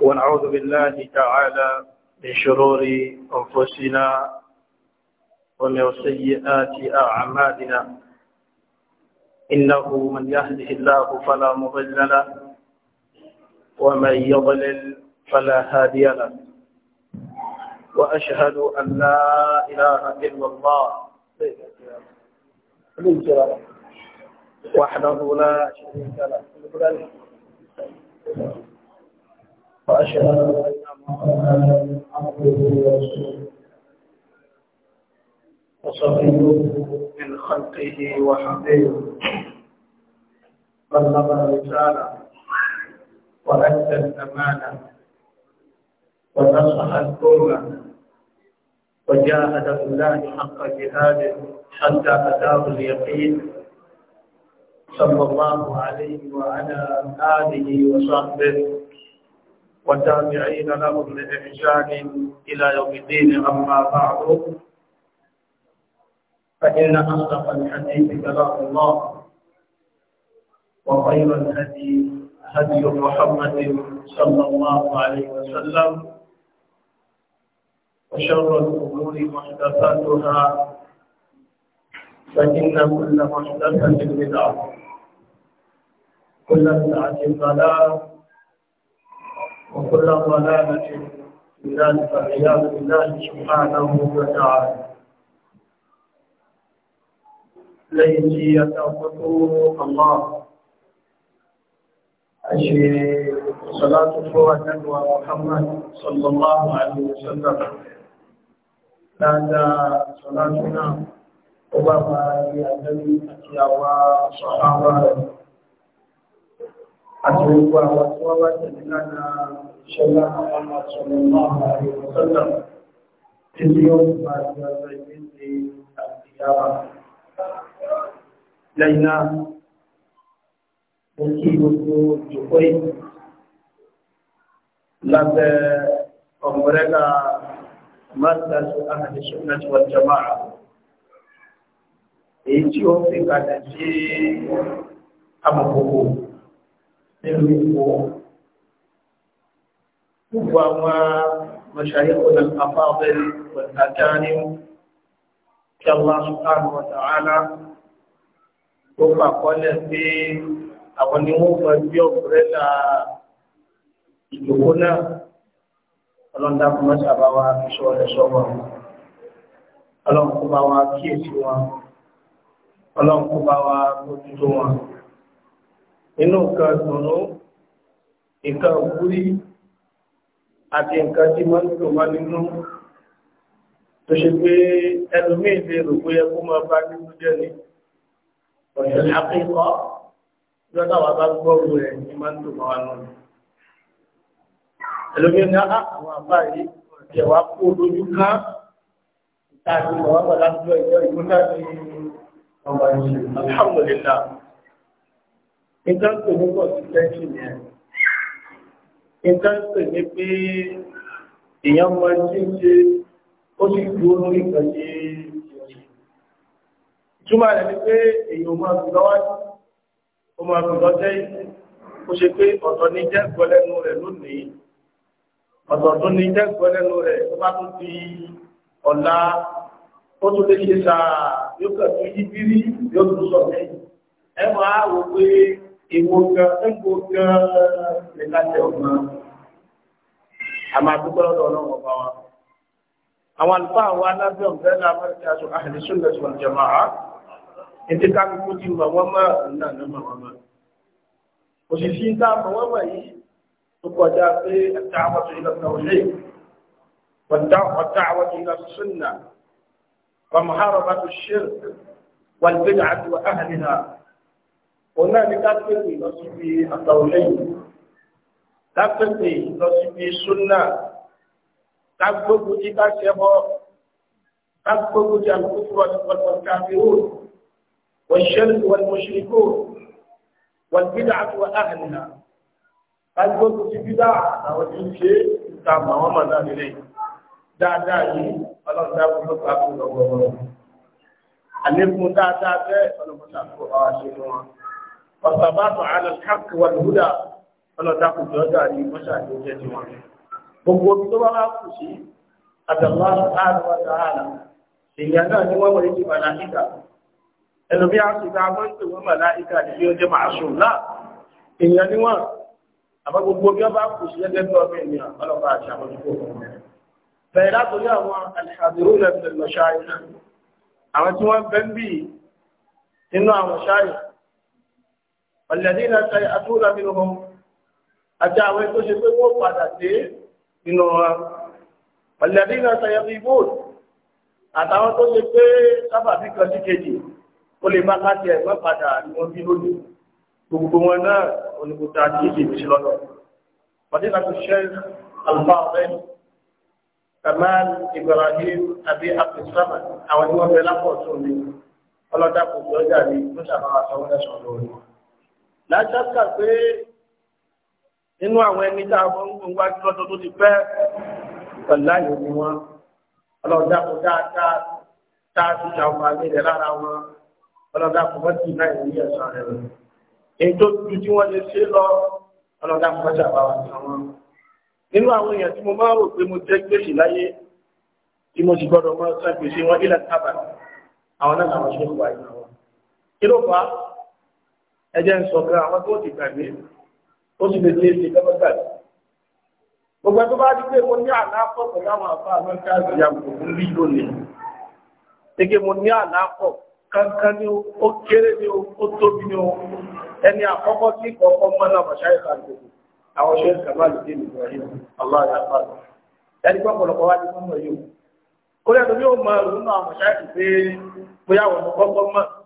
ونعوذ بالله تعالى من شرور أنفسنا ومن سيئات أعمالنا إنه من يهده الله فلا مضل له ومن يضلل فلا هادي له وأشهد أن لا إله إلا الله وحده لا شريك له وأشهد أن محمدا عبده ورسوله وصفيه من خلقه وحبيبه بلغ الرسالة وأدى الأمانة ونصح الأمة وجاهد في الله حق جهاده حتى أتاه اليقين صلى الله عليه وعلى آله وصحبه والتابعين لهم بإحسان إلى يوم الدين أما بعد فإن أصدق الحديث كلام الله وخير الهدي هدي محمد صلى الله عليه وسلم وشر الأمور محدثاتها فإن كل محدثة بدعة كل بدعة ضلال وكل ضلالة في ذلك والعياذ بالله سبحانه وتعالى ليتي يتوقفه الله أشي صلاة فوى نبوى محمد صلى الله عليه وسلم لأن صلاتنا وبابا يأتي أتيا وصحابه àti gbogbo àwọn tí wọ́n bá tẹ̀lé lánàá ṣẹlá àwọn àṣọlọ náà àrẹ ìwọ̀sọ́nà tí tí ó fi máa di ọjọ́ ìgbé ti àtìyáwá. Lẹ́yìn lábẹ́ ọ̀mọ̀rẹ́gà Mọ́tàṣù Ahàdìṣẹ́ Nàìjíríà Wàjọ́máà. Èyí tí ó fi kàdà sí amọ̀kòkò nínú ipò gbogbo àwọn mọ̀ṣáyé ọ̀nà afáfẹ́lẹ̀ ọ̀tàkárí kí Allah subhanahu wa ta'ala tó pàkọ́lẹ̀ pé àwọn ni wọ́n fọ́ bí ọ̀pọ̀rẹ́ta ìjòkó náà ọlọ́dá kọ́ mọ́sá bá wá ṣọ́ ẹ̀ sọ́wọ́ ọlọ́run kó bá wá kíyèsí wọn ọlọ́run bá wá mójútó wọn nínú nǹkan dùnú nǹkan òkúrí àti nǹkan tí wọ́n tó wá nínú tó ṣe pé ẹlòmíì lè rò pé ẹkú máa bá nínú jẹ́ ni ọ̀yọ́ lápẹ́kọ́ lọ́dọ̀ wa bá gbọ́rù rẹ̀ ní máa ń tó wá nínú ẹlòmíì alhamdulillah nǹkan pè ní consistency yẹn nǹkan pè ní pé èèyàn máa ń ṣe ṣe ó sì dúró lórí nǹkan ṣe ìtumọ̀ rẹ̀ ni pé èèyàn máa fi lọ́wọ́ ó máa fi lọ sẹ́yìn ó ṣe pé ọ̀tọ̀ ní jẹ́ gbọ́lẹ́nu rẹ̀ lónìí ọ̀tọ̀ tó ní jẹ́ gbọ́lẹ́nu rẹ̀ tó bá tún di ọ̀la ó tún lè ṣe sáà yóò kàn tún yí bírí yóò tún sọ̀rọ̀ ẹ̀ máa wò pé ìwòkan ẹgbòkan lẹ́kàtẹ̀ ọ̀gbọ́n a máa dúpẹ́ lọ́dọ̀ ọlọ́run ọba wa àwọn àlùfáà wa lábẹ́ ọ̀gbẹ́ lábẹ́ aṣọ àhẹ̀lẹ́sùn lẹ́sùn wal jamaa ètè kákòókò ti mọ̀ wọ́n mọ̀ náà ní mọ̀ wọ́n mọ̀ òṣìṣẹ́ ń dá wọ́n mọ̀ yìí tó kọjá pé ẹ̀ta tó ilẹ̀ náà lé wọ̀tá àwọn tó ilẹ̀ sunna wàmùhárọ̀ bá tó ṣe òun náà ní kápẹ́pẹ́ lọ síbi àtàwọ̀lẹ́yìn kápẹ́pẹ́ lọ síbi súnà kágbógunjì káṣẹ́bọ kágbógunjì àlùkùkù ọ̀dùnkọ̀dùn káfíhùn wọ̀nyẹ́lì wọ̀nyẹ́sìnkò wọ̀nyẹ́lì àti wọ̀nyẹ́lì kágbógunjì bídà àwọn tí ń ṣe ìta màwọn mọ̀ náà nílẹ̀ dáadáa yìí ọlọ́run dáa fún ọkọ̀ àkùnrin ọgbọ̀n àlékún dáadáa bẹ́ẹ̀ ọlọ́run dáa fún ọ والثبات على الحق والهدى ọlọ́dàkù tí ọjà ní mọ́ṣáàdì oúnjẹ tí wọ́n rí gbogbo omi tó bá wá kù sí àtàlá àrùn àtàlá èèyàn náà ni wọ́n wọlé ti màláìkà ẹlòmí àṣìkà wọ́n pè wọ́n màláìkà ní bí ó jẹ́ màṣù náà èèyàn ni wọ́n àmọ́ gbogbo omi ọba kù sí gẹ́gẹ́ bí ọmọ ènìyàn ọlọ́pàá àti àmójútó bẹ̀rẹ̀ látòrí àwọn àdìrú lẹ́nu ọ̀lẹ́dínlá ṣe àtúrà nínú wọn àti àwọn ẹni tó ṣe pé wọ́n padà dé nínú wọn ọ̀lẹ́dínlá ṣe ìbò àtàwọn tó ṣe pé sábàbí kan sí kejì ó lè má káṣí ẹ̀gbọ́n padà ni wọ́n bí lónìí gbogbo wọn náà oníkùtà àti ìdìbò sí lọ́dọ̀ ọ̀dínlá ṣe ṣe àlùfáà Kamal Ibrahim Abi Abdulsamad àwọn tí wọ́n fẹ́ lápọ̀ tó ní ọlọ́dà kò gbọ́dọ̀ ní ló ṣàbáwá sọ́wọ́dà sọ̀rọ̀ lórí láṣáṣà pé nínú àwọn ẹni tá a mọ̀ ń wájú lọ́dọ̀ tó ti pẹ́ pẹ̀lú àyè ni wọ́n ọlọ́dà kò dáadáa tá a ti ṣàǹfààní rẹ̀ lára wọn ọlọ́dà kò wọ́n ti náà ìrírí ẹ̀sán rẹ̀ èyí tó ju tí wọ́n lè ṣe lọ ọlọ́dà kò wọ́n ṣàbáwá sí wọn. nínú àwọn èèyàn tí mo máa rò pé mo jẹ́ gbèsè láyé tí mo sì gbọ́dọ̀ máa sá gbèsè wọn ilẹ̀ tábà àwọn náà làwọn ṣe ń wá ìnáwó kí ló fà á ẹjẹ́ ń sọ pé àwọn tó ti gbàgbé ó sì lè ṣe é ṣe kẹ́kọ̀ọ́ gbàgbé. gbogbo ẹ̀ bá di mo ní pẹ̀lú àwọn àfa ìyàwó fún bí lónìí. gẹ́gẹ́ mo ní kankan ni ó kéré ni ó tóbi ni ó ẹni àkọ́kọ́ tí kọ̀ọ̀kan mọ́ náà bàṣá ìfà gbogbo àwọn ṣe ń kàmá lè dé yìí ẹni wá ní yìí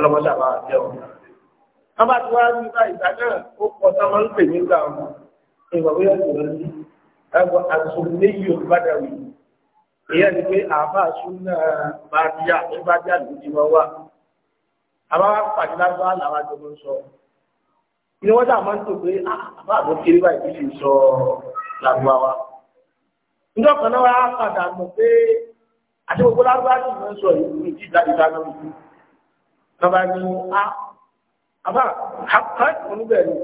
ọlọ́mọdé àbá jẹ́ ọ. wọ́n bá ti wá ní ibà ìgbà náà ó pọ̀ tá máa ń pè nígbà wọn ìwà bóyá kò lọ sí ẹgbẹ́ àtúnléyìí olùbádàwì èyí ẹni pé àbá súnà bá díà ní bá díà ló ti wọ́n wà. àbá wa pàdé lágbára làwọn pé àbá àbó náà wá padà mọ̀ pé àti gbogbo lágbára lọ́ba ní a ah, àbá àpá oníbẹ̀rù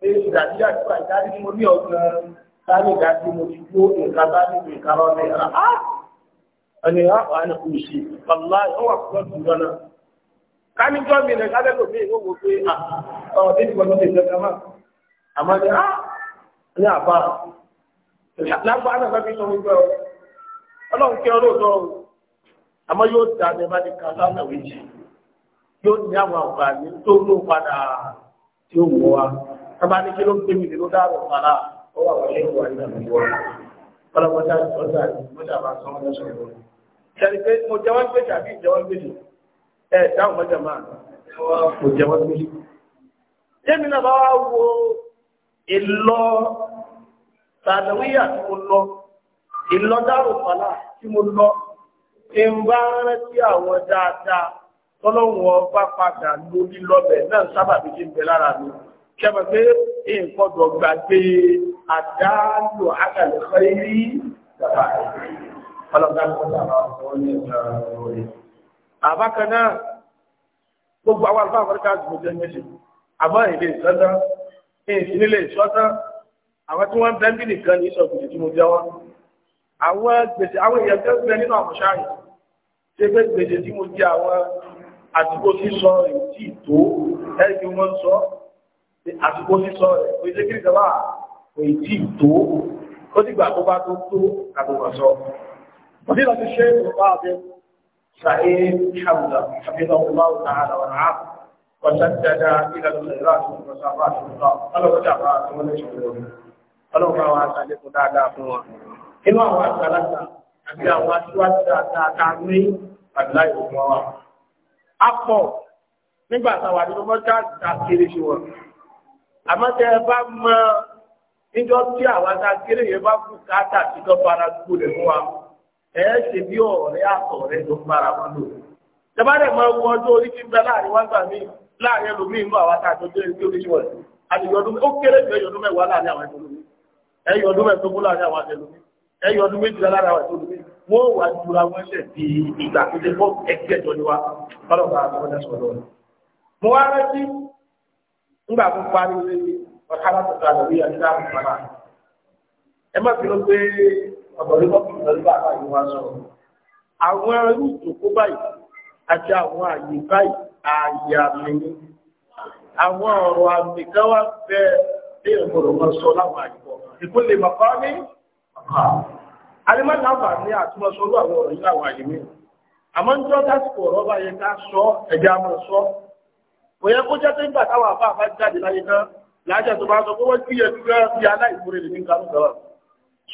pé ìdájí àtúbà ìdájí ni mo ní ọ̀gbọ́n sáré ìdájí mo ti gbó nǹkan bá nínú nǹkan lọ ní ah, ah. ẹ̀rọ á ẹni á wà ní kò sí ọ̀la ó wà fún ọ̀tún lọ́nà. káníjọ́ mi nà kálẹ̀ lómi ìwé wo pé à ọ̀ débi wọn lóde ìjọba máa àmọ́ ní á ní àbá lágbá náà fi sọ gbogbo ọ ọlọ́run kí ọ lóòótọ́ àmọ́ yóò dá ní ẹ bá ní kásánà wíjì yóò ní àwọn àǹfààní tó ló padà tí ó mú wa sábà ní kí ló ń pè mí ló dáàbò padà ó wà wọlé ìwà ìdàgbò wa ọlọmọdé àti ọjà ìmọjà bá sọ ọmọdé sọ̀rọ̀ ṣẹlẹ̀ pé mo jẹ wọn gbèsè àbí ìjẹ wọn gbèsè ẹ dáhùn mọjà máa mo jẹ wọn gbèsè. jẹ́mi náà bá wá wo ìlọ tàdàwíyà tí mo lọ ìlọ dáàbò padà tí mo lọ ìmbárántí àwọn dáadáa tọ́lọ́wọ́ bá padà lórí lọ́bẹ̀ náà sábàbí ti ń bẹ lára mi kẹ́mọ̀ pé ìkọ̀dọ̀ gbàgbé àdálò àgàlẹ̀fẹ́ rí bàbá ọlọ́gbà àbákan náà gbogbo àwọn àlùfáà àfọ́ríkà gbogbo ẹgbẹ́ àmọ́ èdè ìsọ́tá èsì nílé ìsọ́tá àwọn tí wọ́n bẹ́ẹ̀ nìkan ní ìsọ̀gbìn tí mo jẹ́ wọn àwọn gbèsè àwọn èèyàn tẹ́sí nínú àmọ́ṣáyì ṣe pé gbèsè tí mo jẹ àwọn àsìkò sísọ rẹ̀ tí tó ẹ́rìkì wọ́n sọ àsìkò sísọ rẹ̀ kò ìṣe kí ìjọba kò ì tí tó ó ti gbà tó bá tó tó àtòkọ̀ sọ. wọ́n ti lọ sí ṣe ìrọ̀pá àbẹ sàé hamza àbílọ̀ ọláwù tààlà wà náà wọ́n ti dada ìlànà ìlànà ìgbọ̀nsá bá ti lọ ọlọ́wọ́ jà bá ti wọ́n lè ṣòro ọlọ́wọ́ bá wà sàlékún dáadáa fún wọn. inú àwọn àgbàlagbà àti àwọn aṣíwájú dáadáa ká ní àdúrà ìwọ̀n wa apọ̀ nígbà táwa nínú mọ́tà àkéré ṣe wọ̀ àmọ́ tẹ́ ẹ bá mọ níjọ́ tí àwa ta kéré yẹn bá kú káàtà tí kan fara gbó lẹ̀ fún wa ẹ ṣe bí ọ̀rẹ́ àtọ̀rẹ́ tó fara wọn lò tẹ́bá dẹ̀ máa wọ ọjọ́ orí ti ń bẹ láàrin wá gbà mí láàrin ẹlòmíín mú àwa tá a tó kéré sí oríṣi àtìyọdún ó kéré jù ẹyọdún mẹ́wàá láàrin àwọn ẹlòmíín ẹyọdún mẹ́tọ́gbọ́n láàrin àwọn ẹlòmíín ẹyọdún méjìlá láàrin àwọn ẹlòmíín wọ́n wà jura wọ́n lẹ̀ bí ìgbà tó lè fọ́ ẹgbẹ́jọ ni wa ọlọ́pàá àgbọ̀dá sọ̀rọ̀ rẹ̀. mo wá rántí ńgbà tó parí lórí ọ̀tá látọ̀tọ̀ àdàbí àdúrà àgbàrá ẹ má fi lọ pé ọ̀dọ̀rí bọ́ọ̀kì ìdọ̀rí bàbá yìí wá sọ̀rọ̀ àwọn irú ìjòkó báyìí àti àwọn àyè báyìí ààyè àmì àwọn ọ̀rọ̀ àmì kan wá bẹ́ẹ̀ bí ìgbòrò wọn sọ láwọn àyè bọ̀ ìkúlè ní ọ̀kan alimọ́lá wà ní àtúnṣọ́ ló àwọn ọ̀rọ̀ yìí làwọn àyè mi àmọ́ ń jọ́ lásìkò bá yẹ ká sọ ẹ̀jẹ̀ àmọ́ sọ kó jẹ́ nígbà táwọn àbá àbá jáde láyé tán lájà tó bá sọ pé wọ́n kí yẹ dúró bí aláìkúrè lè ní kánú kan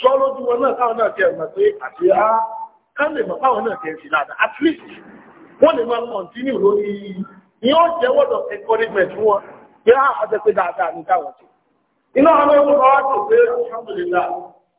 sọ lójú wọn náà káwọn náà ti ẹ̀ pé àti á kán lè káwọn náà sí dáadáa at least lè máa lórí encouragement wọn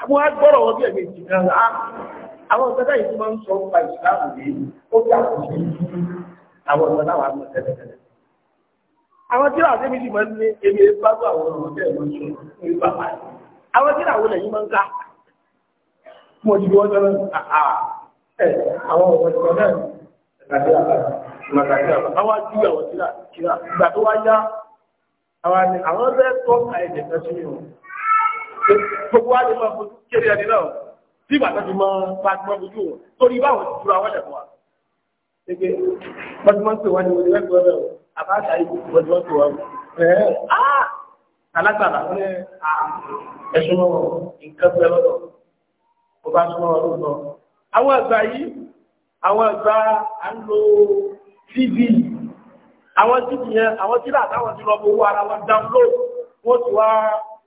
àwọn agbọ́rọ̀ wọn bí ẹ̀mí ti kan á àwọn ìgbàdá yìí tó máa ń sọ nípa ìsìláàmù yìí ó bí àkùnjẹ àwọn ìgbàdá wà mọ̀ tẹ́lẹ̀tẹ́lẹ̀. àwọn tí wàá débi máa ń ní èmi bá bá àwọn ọ̀rọ̀ bẹ́ẹ̀ lọ sọ ní bá bá yìí àwọn tí àwọn lẹ́yìn máa ń ká mo ti wọ́n sọ́nà ẹ̀ àwọn ọ̀rọ̀ náà àwọn àjúwẹ̀ àwọn tíra ìgbà tó wá yá àwọn ọ̀rẹ́ tọ́ka ẹ̀jẹ̀ kan sí mi gbogbo wa lè máa fojú kéré ẹni náà tí ìgbà tó fi máa bá ti máa fojú wọn torí báwọn ti dúró àwọn ẹ̀fọ́ wa. ṣèké wọ́n ti máa ń pè wá ní wọlé wẹ́gbẹ́ rẹ̀ o àbá àṣàyè wọ́n ti máa ń pè wá o. alágbàlá ẹ̀sùn mọ́ nǹkan pẹ́ lọ́dọ̀ ó bá súnmọ́ ọ lóòótọ́. àwọn àgbà yìí àwọn àgbà à ń lo tv àwọn tv yẹn àwọn tíra àtàwọn ti lọ bọ owó ara wọn download wọ́n ti wá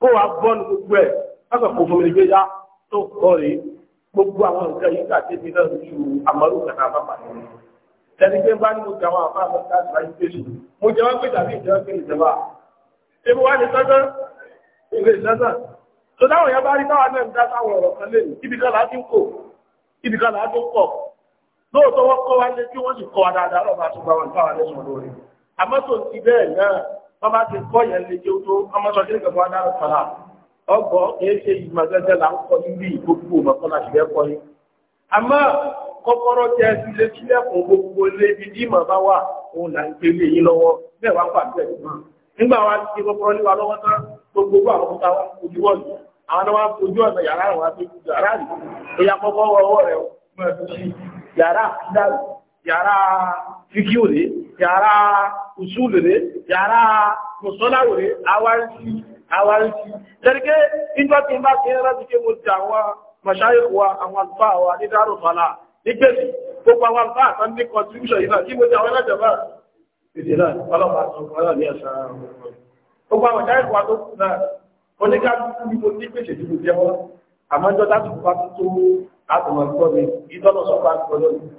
kó wa bọ́ọ̀lù gbogbo ẹ̀ káfà kò fún mi gbé yá tó kọ́ rèé gbogbo àwọn nǹkan yìí kà sí ti náà ju àmọ́lù kàkà bá pàdé ẹni pé bá ní mo jẹ àwọn àbá àbọ̀ká àti láyé pé sùn mo jẹ wọn pé tàbí ìjọ pé ìjọba ebi wá ní sọ́sán ìwé ìsọ́sán tó dáwọn èèyàn bá rí táwọn náà ń dá sáwọn ọ̀rọ̀ kan lè ní ibi kan láti ń kò ibi kan láti ń pọ̀ lóòótọ́ wọ́n kọ́ wa wọ́n bá ti kọ́ yẹn lè jẹ́ tó ọmọọṣọ kí nìkan fún adára sọ̀rọ̀ ọgbọ́ kìí ṣe ìmọ̀gẹ́gẹ́ là ń kọ́ níbi ìgbógbó mọ̀kànlá ṣìlẹ̀ kọ́ yín. àmọ́ kọ́kọ́rọ́ tẹ ilé gbogbo lébi bá wà òun là ń gbélé yín lọ́wọ́ bẹ́ẹ̀ wá nígbà wa ti lọ́wọ́ tán gbogbo àwọn ọmọ yàrá fíkíò rẹ̀ yàrá usúlù rẹ̀ yàrá mùsọ́láwò rẹ̀ awárísí awárísí tẹ́rẹ́gẹ́ ìjọ tí ń bá ṣe rántí pé mo ti àwọn mọ̀ṣáyẹ̀wà àwọn àlùfáà wa ní dárò fàlà nígbèsì gbogbo àwọn àlùfáà àtàn ní contribution yìí náà kí mo ti àwọn ẹlẹ́jọba ìdè náà ọlọ́pàá tó kọ́lá ní ẹ̀sà gbogbo àwọn ìṣáyẹ̀wà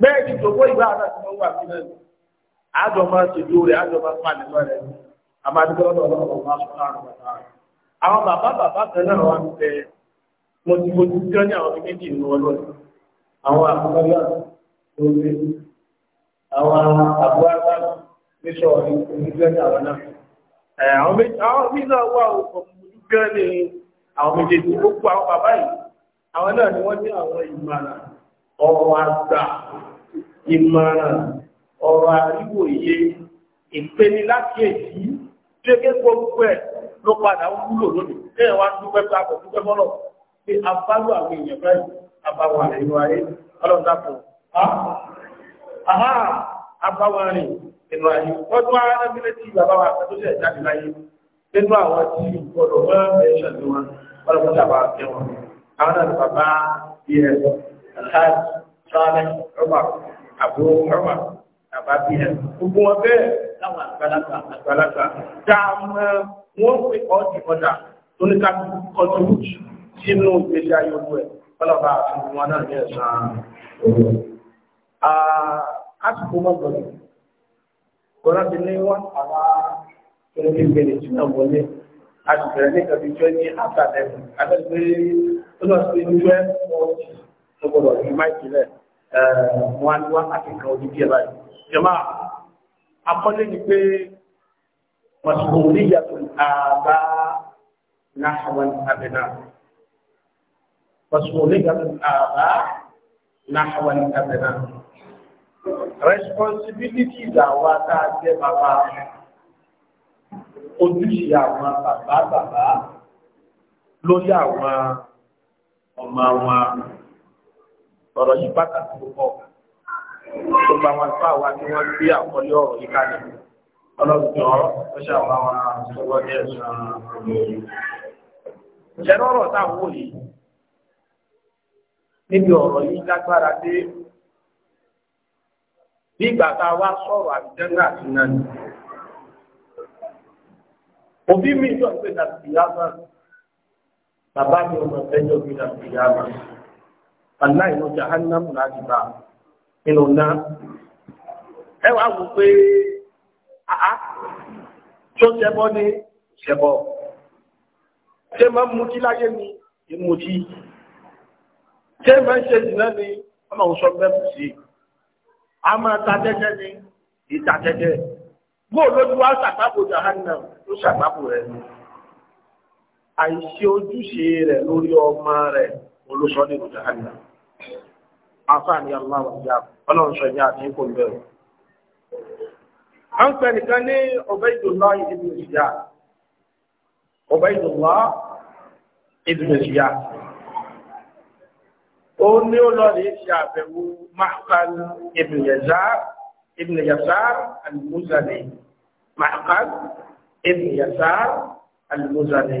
bẹ́ẹ̀ ni tòkó ìgbà àná tí wọ́n wà sí náà àjọ máa ti dúró rẹ̀ àjọ máa pàdé lọ rẹ̀ àmàdúgbò lọ́dọ̀ ọlọ́run máa sọ láàrin bàbá rẹ̀. àwọn bàbá bàbá kan náà wà ń bẹ mo ti mo ti tí wọ́n ní àwọn méjì nínú ọlọ́run àwọn àbúrò náà ló gbé àwọn àbúrò náà ní sọ̀rọ̀ ní tí wọ́n ní àwọn náà. àwọn méjì àwọn méjì náà wà ó kọ̀ mojú gán ní àwọn méjèèjì ó kó àwọn bàbá yìí àwọn náà ni wọ́n ní àwọn ìmọ̀ràn ọ̀rọ̀ àgbà ìmọ̀ràn ọ̀rọ̀ àríwòye ìpeni láti èyí gẹ́gẹ́ gbogbo ẹ̀ ló padà ń wúlò lónìí lẹ́yìn wá dúpẹ́ papọ̀ dúpẹ́ mọ́lọ̀ pé abálò àwọn èèyàn báyìí abáwọn àrẹ̀yìn ayé ọlọ́dàpọ̀ àhá abáwọn rìn inú ayé ọdún arábílẹ̀ tí bàbá wa tó ṣẹ̀ jáde láyé nínú àwọn tí gbọdọ̀ mọ́ mẹ́ṣẹ̀ tí wọn ọlọ́pọ̀ alhaji sọ́ọ́lẹ̀ ọba àbúrò ọba bàbá bí ẹ gbogbo wọn bẹ́ẹ̀ láwọn àgbàlagbà àgbàlagbà dáàmú wọn pè ọ́ di ọjà tó ní ká kọtùrùtù sínú ìgbésí ayé olú ẹ̀ ọlọ́ba àfihàn wọn náà ní ẹ̀sán ah, àsìkò mọ́gbọ̀n kọ́nà ti ní wọ́n àwọn ẹni ìgbèrè tí náà tó gbọdọ̀ ní máìkì lẹ̀ wọn ni wákàtí kan ojú díẹ̀ báyìí. jọba akọ́lé ni pé mọ̀sùlùmí yàtọ̀ àbá náà wọn àbẹ̀nà mọ̀sùlùmí yàtọ̀ àbá náà wọn àbẹ̀nà responsibilities àwa tá a jẹ́ bàbá ojúṣe àwọn bàbá bàbá lórí àwọn ọmọ wọn ọ̀rọ̀ yìí pàtàkì púpọ̀ gbogbo àwọn àlùfáà wa tí wọ́n gbé àkọlé ọ̀rọ̀ yìí kalẹ̀ ọlọ́run jọ ó ṣàwọn àwọn àṣọwọ́ ní ẹ̀sán olórí. ìṣẹ́nu ọ̀rọ̀ táwọn wò yìí níbi ọ̀rọ̀ yìí lágbára dé bí ìgbà tá a wá sọ̀rọ̀ àbíjẹ́ńgà àti náà ni. òbí mi jọ pé dàbí ìyá náà bàbá mi ò mọ̀ fẹ́ jọ pé dàbí ìyá náà aláìní jahannamu láti bá nínú náà ẹ wá wò pé àá tó ṣẹbọ ní ṣẹbọ ṣé máa ń mutí láyé ni ìmutí ṣé máa ń ṣe ìdìnnà ni ọmọ òun sọ bẹ́ẹ̀ kù sí a máa ta tẹ́tẹ́ ni ìta tẹ́tẹ́ bóò lójú wa ṣàpapọ̀ jahannamu ló ṣàpapọ̀ rẹ̀ àìṣe ojúṣe rẹ̀ lórí ọmọ rẹ̀ olùsọ ní ìlú jahanna afa ni aláwọ ìyá Ọlọ́run sọ ìyá àti ikú ìbẹ o. à ń pẹ nìkan ní Ubaydullah ibn Ziyad Ubaydullah ibn Ziyad ó ní ó lọ rí ṣe àbẹ̀wò Ma'qal ibn Yasar al-Muzani Ma'qal ibn Yasar al-Muzani.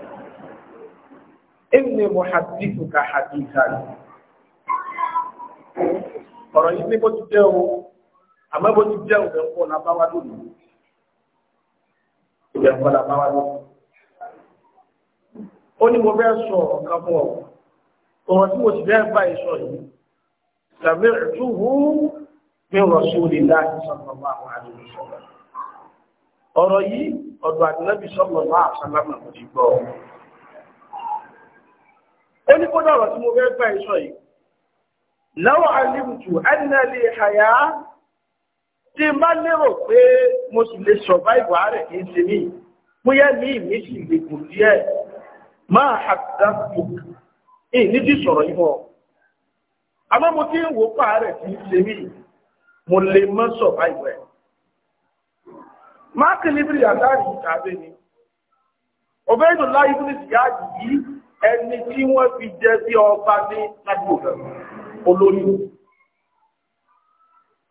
inni muhaddithuka hadithan ọ̀rọ̀ yìí ní bó ti jẹ́ o àmọ́ bó ti jẹ́ o bẹ̀ ń kọ́ la bá wa lónìí bẹ̀ ń kọ́ la bá wa lónìí ó ní mo fẹ́ sọ ọ̀kan fún ọ ọ̀rọ̀ tí mo sì fẹ́ bá yìí sọ yìí tàbí ẹ̀túhù mi rasulillahi sallallahu alaihi wasallam ọ̀rọ̀ yìí ọ̀dọ̀ àdínẹ́bí sallallahu alaihi wasallam kò ti gbọ́ ó ní kódà ọ̀rọ̀ tí mo fẹ́ gbà ìṣọ́ yìí láwọ̀ alìmùtù ẹnìlẹ̀ àyà tí n bá lérò pé mo sì lè survive àárẹ̀ kì í ṣe mí bóyá ní ìmí sì lè kù díẹ̀ máa àdá fò ní nídìí sọ̀rọ̀ yìí mọ́ àmọ́ mo ti ń wò pa àárẹ̀ kì í ṣe mí mo lè mọ́ survive ẹ̀ máàkì níbi àdáàrí ìtàgé ni ọ̀bẹ́ ìdòláyé ní ìyá yìí ẹni tí wọ́n fi jẹ bí ọba ní ládùúgbò olórí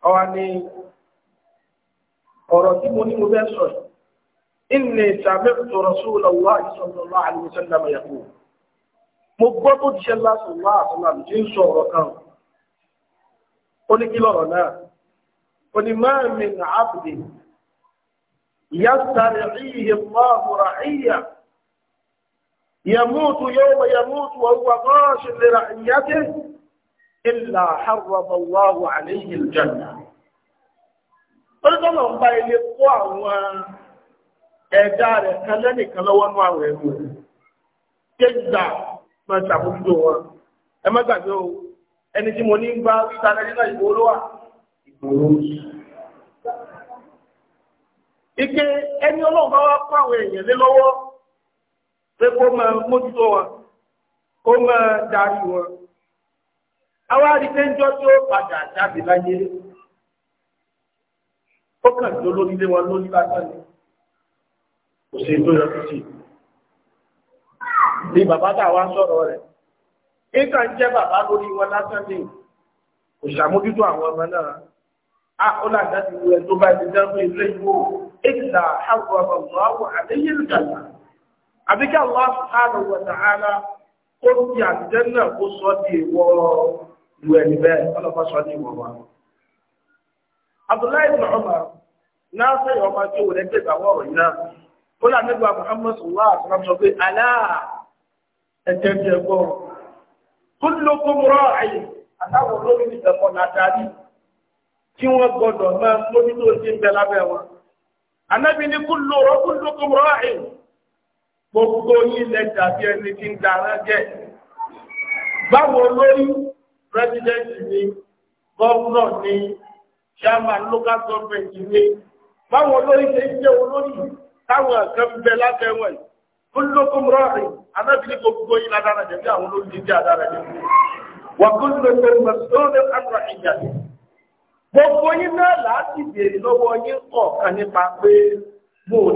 ọwá ní ọ̀rọ̀ tí mo ní mo fẹ́ sọ yìí inni sami'tu rasulallahi sallallahu alaihi wasallam yaqul mo gbọ́ tó ti ṣe lásìlá يموت يوم يموت وهو غاش لرعيته إلا حرم الله عليه الجنة Ọlọ́run bá ilé kó àwọn ẹ̀dá rẹ̀ kan lẹ́nìkan lọ́wọ́ ní àwọn ẹ̀rù rẹ̀. Jẹ́gbà máa ṣàbójútó wọn. Ẹ má gbàgbé Ike ẹni ọlọ́run bá wá pé kó máa mójútó wọn kó máa darí wọn àwọn àdìgbẹ́njọ́ tí ó padà jáde láyé ó kàn tó lórí lé wọn lórí lásán ni kò sí tó yọ títì bí bàbá dà wá sọ̀rọ̀ rẹ̀ ìkà ń jẹ́ bàbá lórí wọn lásán ni kò ṣàmójútó àwọn ọmọ náà a ó làjá ti wù ẹ tó bá ti dẹ́kun ilé ìwò ìlà àwọn ọmọ àwọn àléyé ìjàgbá àbí kí Allah subhanahu wa ta'ala ó fi àlùjànnà kó sọ di ìwọ ìwọ ẹni bẹ́ẹ̀ ọlọ́pàá sọ ní ìwọ wa. Abdullahi ibn Umar náà sẹ́yìn ọmọ tí òun ẹgbẹ́ ìgbà wọ̀rọ̀ yìí náà ó là nígbà Muhammad sallallahu alaihi wasallam sọ pé alá ẹ̀jẹ̀ ń jẹ gbọ́ kullukum ra'i àtàwọn olórí ìjẹ̀kọ̀ látàrí tí wọ́n gbọ́dọ̀ máa mójútó sí ń bẹ lábẹ́ wọn. Ànábì ní kullukum ra'i gbogbo yín lẹ dàbí ẹni tí ń darán jẹ báwo olori pírẹsidẹ́ǹtì ni gọ́vnọ̀ ni chairman local government ni báwo lórí ṣe jẹ́ olórí táwọn ẹ̀kẹ́ ń bẹ lábẹ́ wọn yìí kullukum ra'in gbogbo yín ládára jẹ bí àwọn gbogbo náà láti lọ́wọ́ yín kọ̀ọ̀kan nípa pé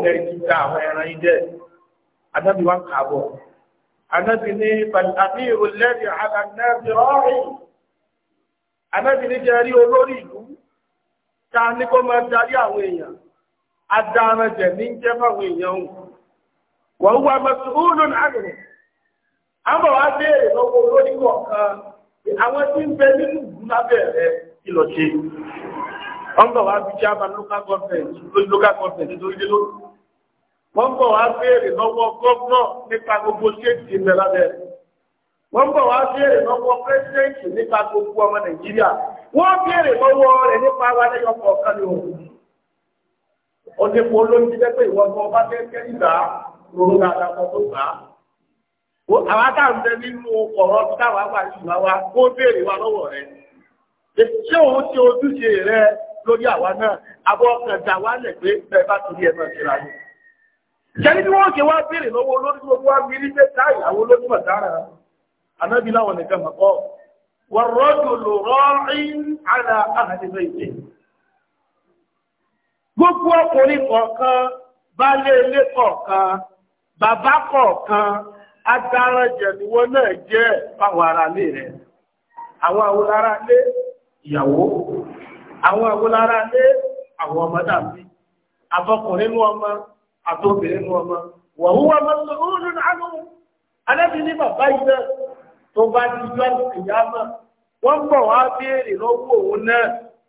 lẹ́yìn àwọn ẹran anábì wá kààbọ̀ anábì ní àmì ìrọ̀lẹ́bì aláàbì rọ́rìn anábì ní jẹ́rí olórí ìlú ta ní kó máa darí àwọn èèyàn adáranjẹ̀ ní jẹ́ fáwọn èèyàn wọ́n wá mọ̀sùlùmí àgbẹ̀ àmọ́ wá béèrè lọ́wọ́ olórí kọ̀ọ̀kan àwọn tí ń bẹ nínú ìlú lábẹ́ rẹ̀ kí wọ́n bọ̀ wá béèrè lọ́wọ́ gọ́vnọ̀ nípa gbogbo ṣéèkì ilẹ̀ lábẹ́ rẹ̀ wọ́n bọ̀ wá béèrè lọ́wọ́ pẹ́sidẹ́ǹtì nípa gbogbo ọmọ nàìjíríà wọ́n béèrè lọ́wọ́ rẹ̀ nípa wa lẹ́yọ kọ̀ọ̀kan ni òun onípo olóyún jẹ́ pé ìwọ́n bọ́ bá fẹ́ kẹ́ ìgbà lóru dáadáa kan tó gbà á àwọn akáǹtẹ nínú ọ̀rọ̀ táwọn àgbà ìṣúná wa kó béèrè wa lọ́wọ́ rẹ̀ ṣé òun ti ojúṣe rẹ lórí àwa náà àbọ̀ ṣẹ́ni bí wọ́n ṣe wá béèrè lọ́wọ́ olórí tí gbogbo wa fi rí pé táì àwọn olórí mà dára anábì láwọn nìkan mà kọ́ wọ́n rọ́jò lò rọ́rin ara àhàdébẹ̀ ìdè gbogbo ọkùnrin kọ̀ọ̀kan baálé ilé kọ̀ọ̀kan bàbá kọ̀ọ̀kan adarajẹ̀ ni wọ́n náà jẹ́ fáwọn aráalé rẹ̀ àwọn àwọn aráalé ìyàwó àwọn àwọn aráalé àwọn ọmọdàbí àbọkùnrin ní ọmọ àtòbìnrin ní ọmọ wọ̀hún ọmọ sọ̀rọ̀ nánú alẹ́bí ní bàbá yìí náà tó bá ti jọ ìyá mọ̀ wọ́n bọ̀ wá béèrè lọ́wọ́ òun náà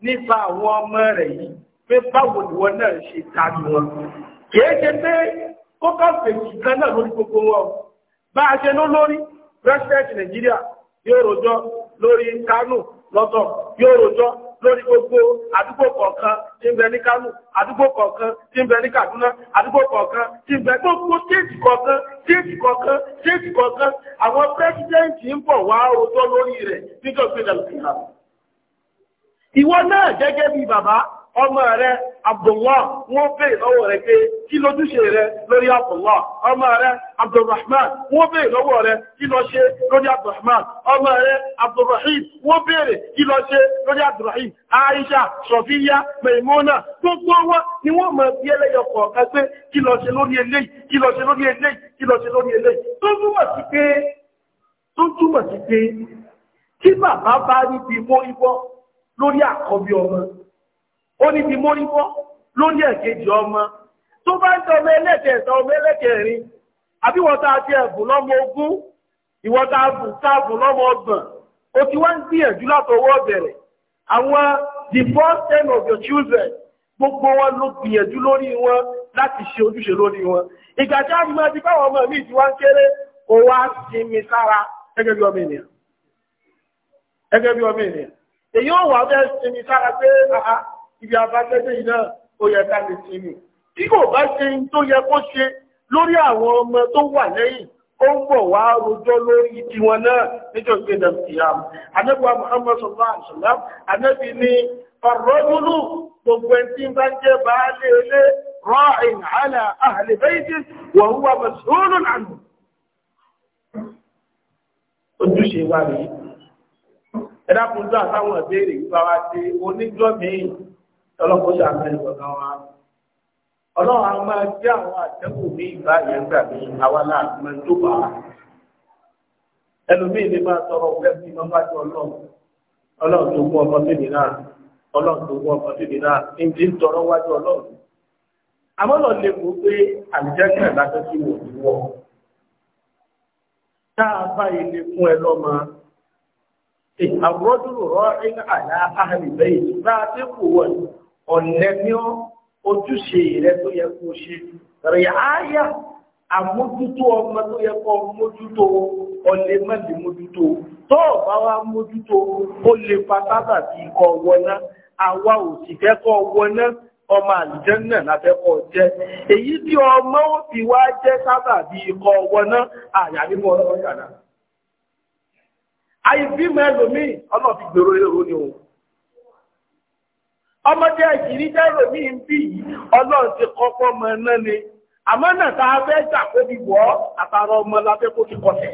nípa àwọn ọmọ rẹ̀ yìí pé báwo ni wọ́n náà ṣe tàbí wọn kìí ṣe pé ó kà fèjì kan náà lórí gbogbo wọn bá a ṣe ló lórí president Nàìjíríà yóò rojọ́ lórí Kánò lọ́tọ̀ yóò rojọ́ lórí gbogbo àdúgbò kọ̀ọ̀kan tí ń bẹ ní Kánò àdúgbò kọ̀ọ̀kan tí ń bẹ ní Kaduna àdúgbò kọ̀ọ̀kan tí ń bẹ gbogbo stéètì kọ̀ọ̀kan stéètì kọ̀ọ̀kan stéètì kọ̀ọ̀kan àwọn pírẹsidẹ́ǹtì ń bọ̀ wá rojọ́ lórí rẹ̀ níjọ́ gbé ọmọ rẹ abdullah wọ́n bèèrè lọ́wọ́ rẹ pé kí lójúṣe rẹ lórí abdullah ọmọ rẹ abdulrahman wọ́n bèèrè lọ́wọ́ rẹ kí lọ ṣe lórí abdulrahman ọmọ rẹ abdulrahim wọ́n bèèrè kí lọ ṣe lórí abdulrahim aisha sofiya maimuna gbogbo wọn ni wọ́n mọ̀ bí ẹlẹ́yọ kọ̀ọ̀kan pé kí lọ ṣe lórí eléyìí kí lọ ṣe lórí eléyìí kí lọ lórí àkọ́bí ọmọ ó ní ti mórí bọ́ lórí ẹ̀kejì ọmọ tó bá ń tọ́mọ ẹlẹ́kẹ̀ẹ́ta ọmọ ẹlẹ́kẹ̀ẹ́rin àbí wọ́n tá a ti ẹ̀bùn lọ́mọ ogún ìwọ́n tá a bùn tá a bùn lọ́mọ ọgbọ̀n o ti wá ń gbìyànjú látọwọ́ bẹ̀rẹ̀ àwọn the first ten of your children gbogbo wọn ló gbìyànjú lórí wọn láti ṣe ojúṣe lórí wọn ìgbà tí a mọ ti báwọn ọmọ mi ti wá ń kéré kò wá sinmi sára gẹ́gẹ́ bí ọmọ ènìyàn gẹ́gẹ́ bí ọmọ ènìyàn èyí ò wá fẹ́ sinmi sára pé ibi abájẹ́dé yìí náà ó yẹ ká lè sinmi tí kò bá ṣe ń tó yẹ kó ṣe lórí àwọn ọmọ tó wà lẹ́yìn ó ń bọ̀ wá rojọ́ lórí tiwọn náà nítorí pé dàm kìyàm anábíwá muhammad sallallahu alaihi wasallam anábí ni farrojulu ojúṣe wa rèé ẹ̀dá kúndà táwọn ìbéèrè ti oníjọ́ mi tọ́lọ́pọ̀ ṣàfihàn ìwọ̀n wa ọlọ́run a máa gbé àwọn àtẹ́kù ní ìgbà yẹn gbà mí àwa láti máa tó bá a ẹlòmíì lè máa tọrọ ọ̀pẹ́ bí máa bá jọ ọlọ́run ọlọ́run tó mú ọmọ síbi náà ọlọ́run tó mú ọmọ síbi náà ní ń tọrọ wájú ọlọ́run àmọ́ lọ lè mú pé àlùjẹ́kẹ̀ lájọ́ sí wò ní wọ̀ tá a bá ilé fún ẹ lọ́mọ àwòrán dúró rọ́ ẹ̀ àyà àhàlì lẹ́yìn bá a ti kù wọ̀ ọ̀lẹ́ ní ọ́ ojúṣe rẹ tó yẹ kó ṣe rẹ̀ áyà àmójútó ọmọ tó yẹ kó mójútó ọlẹ́ mẹ́lì mójútó tó bá wá mójútó ó lè pa sábà ikọ̀ wọná àwa a kọ́ wọná ọmọ àlìjẹ́nà lábẹ́kọ̀ jẹ́ èyí tí ọmọ ó fi wá jẹ́ sábà bí ikọ̀ wọná àyà nígbà ọlọ́run kàdà àìbímọ gbèrò ni ọmọdé àjìrí dẹ́rò ní ibi yìí ọlọ́run ti kọ́kọ́ mọ iná ni àmọ́ náà tá a fẹ́ gbà kó bí wọ́ àtàrà ọmọ lábẹ́ kó ti kọsẹ̀.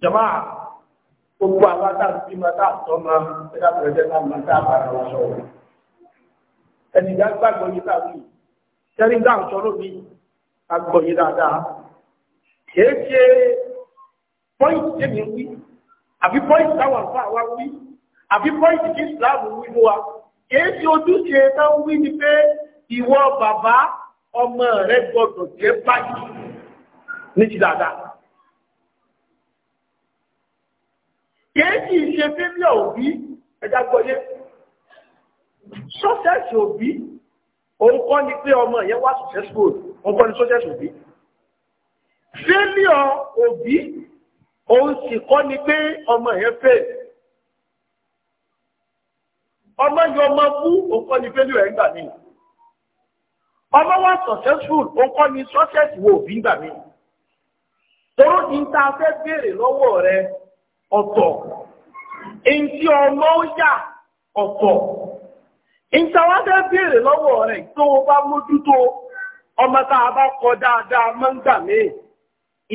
jọba gbogbo aláta bí máa dá àtọ́ máa ẹ̀dá pẹ̀lẹ́dẹ́ náà máa dá àbára wọn sọ̀rọ̀. ẹnì ìdá gbàgbọ́ yìí tàbí kẹrí dá àtọ́ lómi àgbọ̀ yìí dáadáa. kìí ṣe pọ́ìntì tèmi wí àbí pọ́ìntì táwọn àfa wa wí àbí pọ́ìtì kí Islam wí fún wa kìí ṣe ojúṣe tó ń wí ni pé ìwọ bàbá ọmọ rẹ gbọdọ̀ jẹ́ báyìí ní ti dáadáa. kìí sì ṣe fílíọ̀ òbí ẹja gbọ́yé sọ́sẹ̀sì òbí òun kọ́ ni pé ọmọ yẹn wá successful òun kọ́ ni sọ́sẹ̀sì òbí fílíọ̀ òbí òun sì kọ́ ni pé ọmọ yẹn fẹ́ẹ̀. ọmọ yọ ọmọ bú òkọ́ ni fẹ́lú ẹ̀ gbà mí ọmọ wa successful òkọ́ ni success wo òbí gbà mí tóró ní ta fẹ béèrè lọwọ rẹ ọtọ èyí ọmọ yà ọ̀tọ̀ wọ́n béèrè lọwọ rẹ tó o bá mójútó ọmọ tá a bá kọ dáadáa ń gbà mí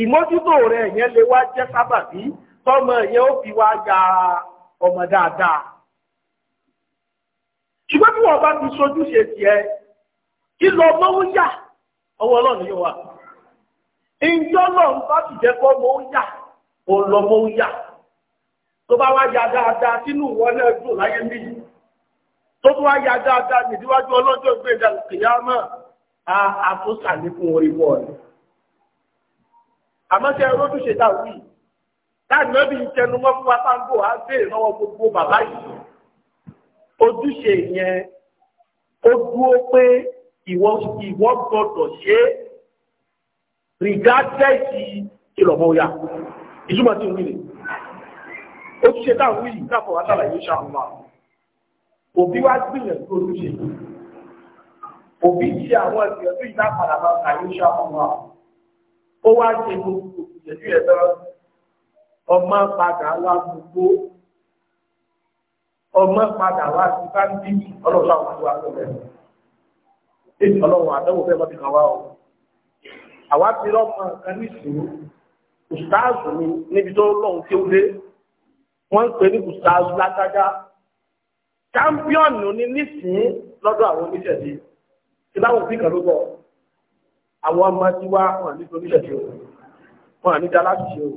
ìmójútó rẹ yẹn lè ṣùgbọ́n bí wọ́n bá ti sojú ṣe tiẹ̀ kí lọ mọ́wó yà ọwọ́ ọlọ́run yóò wà. ìjọ náà ń bá ti jẹ́ kọ́ mọ́wó yà ò lọ mọ́wó yà. tó bá wá ya dáadáa sínú ìwọ náà dùn láyé mí. tó bá wá ya dáadáa nídíwájú ọlọ́jọ́ gbé ìdàkìyà mọ́ a àtúnṣàlékún orí wọ̀ ni. àmọ́ ṣe rọ́dún ṣe dà wí. táà náà bí ìtẹnumọ́ fún wa sáńgò á gbé ojúṣe yẹn ó dúró pé ìwọ ìwọ gbọ́dọ̀ ṣe é rìgádẹ́ẹ̀tì ìrọ̀mọ́ya ìjúmọ̀ tí ń wí nìyí ojúṣe táwọn wíyì káfọ̀ wá sàlàyé ṣàmùmá òbí wá gbìyànjú ojúṣe òbí ṣe àwọn ìgbìyànjú ìdá padà bá sàlàyé ṣàmùmá ó wá ṣe gbogbo ìgbìyànjú ẹ̀dọ́ ọmọ padà lágbogbo ọmọ padà wá sí báńkì ọlọ́run àwọn àdúrà tó bẹ̀rẹ̀ èyí ọlọ́run àdánwò bẹ́ẹ̀ lọ́dún kan wá o àwa ti rọ́mọ kan ní ìṣòro ustaazu mi níbi tó lọ́hùn tí ó dé wọ́n ń pè ní ustaazu látájá champion ní nísìnyí lọ́dọ̀ àwọn oníṣẹ̀ṣe ti láwọn òfin kan ló bọ̀ àwọn ọmọ tí wá wọn ní oníṣẹ̀ṣe o wọn ní dáláṣiṣe o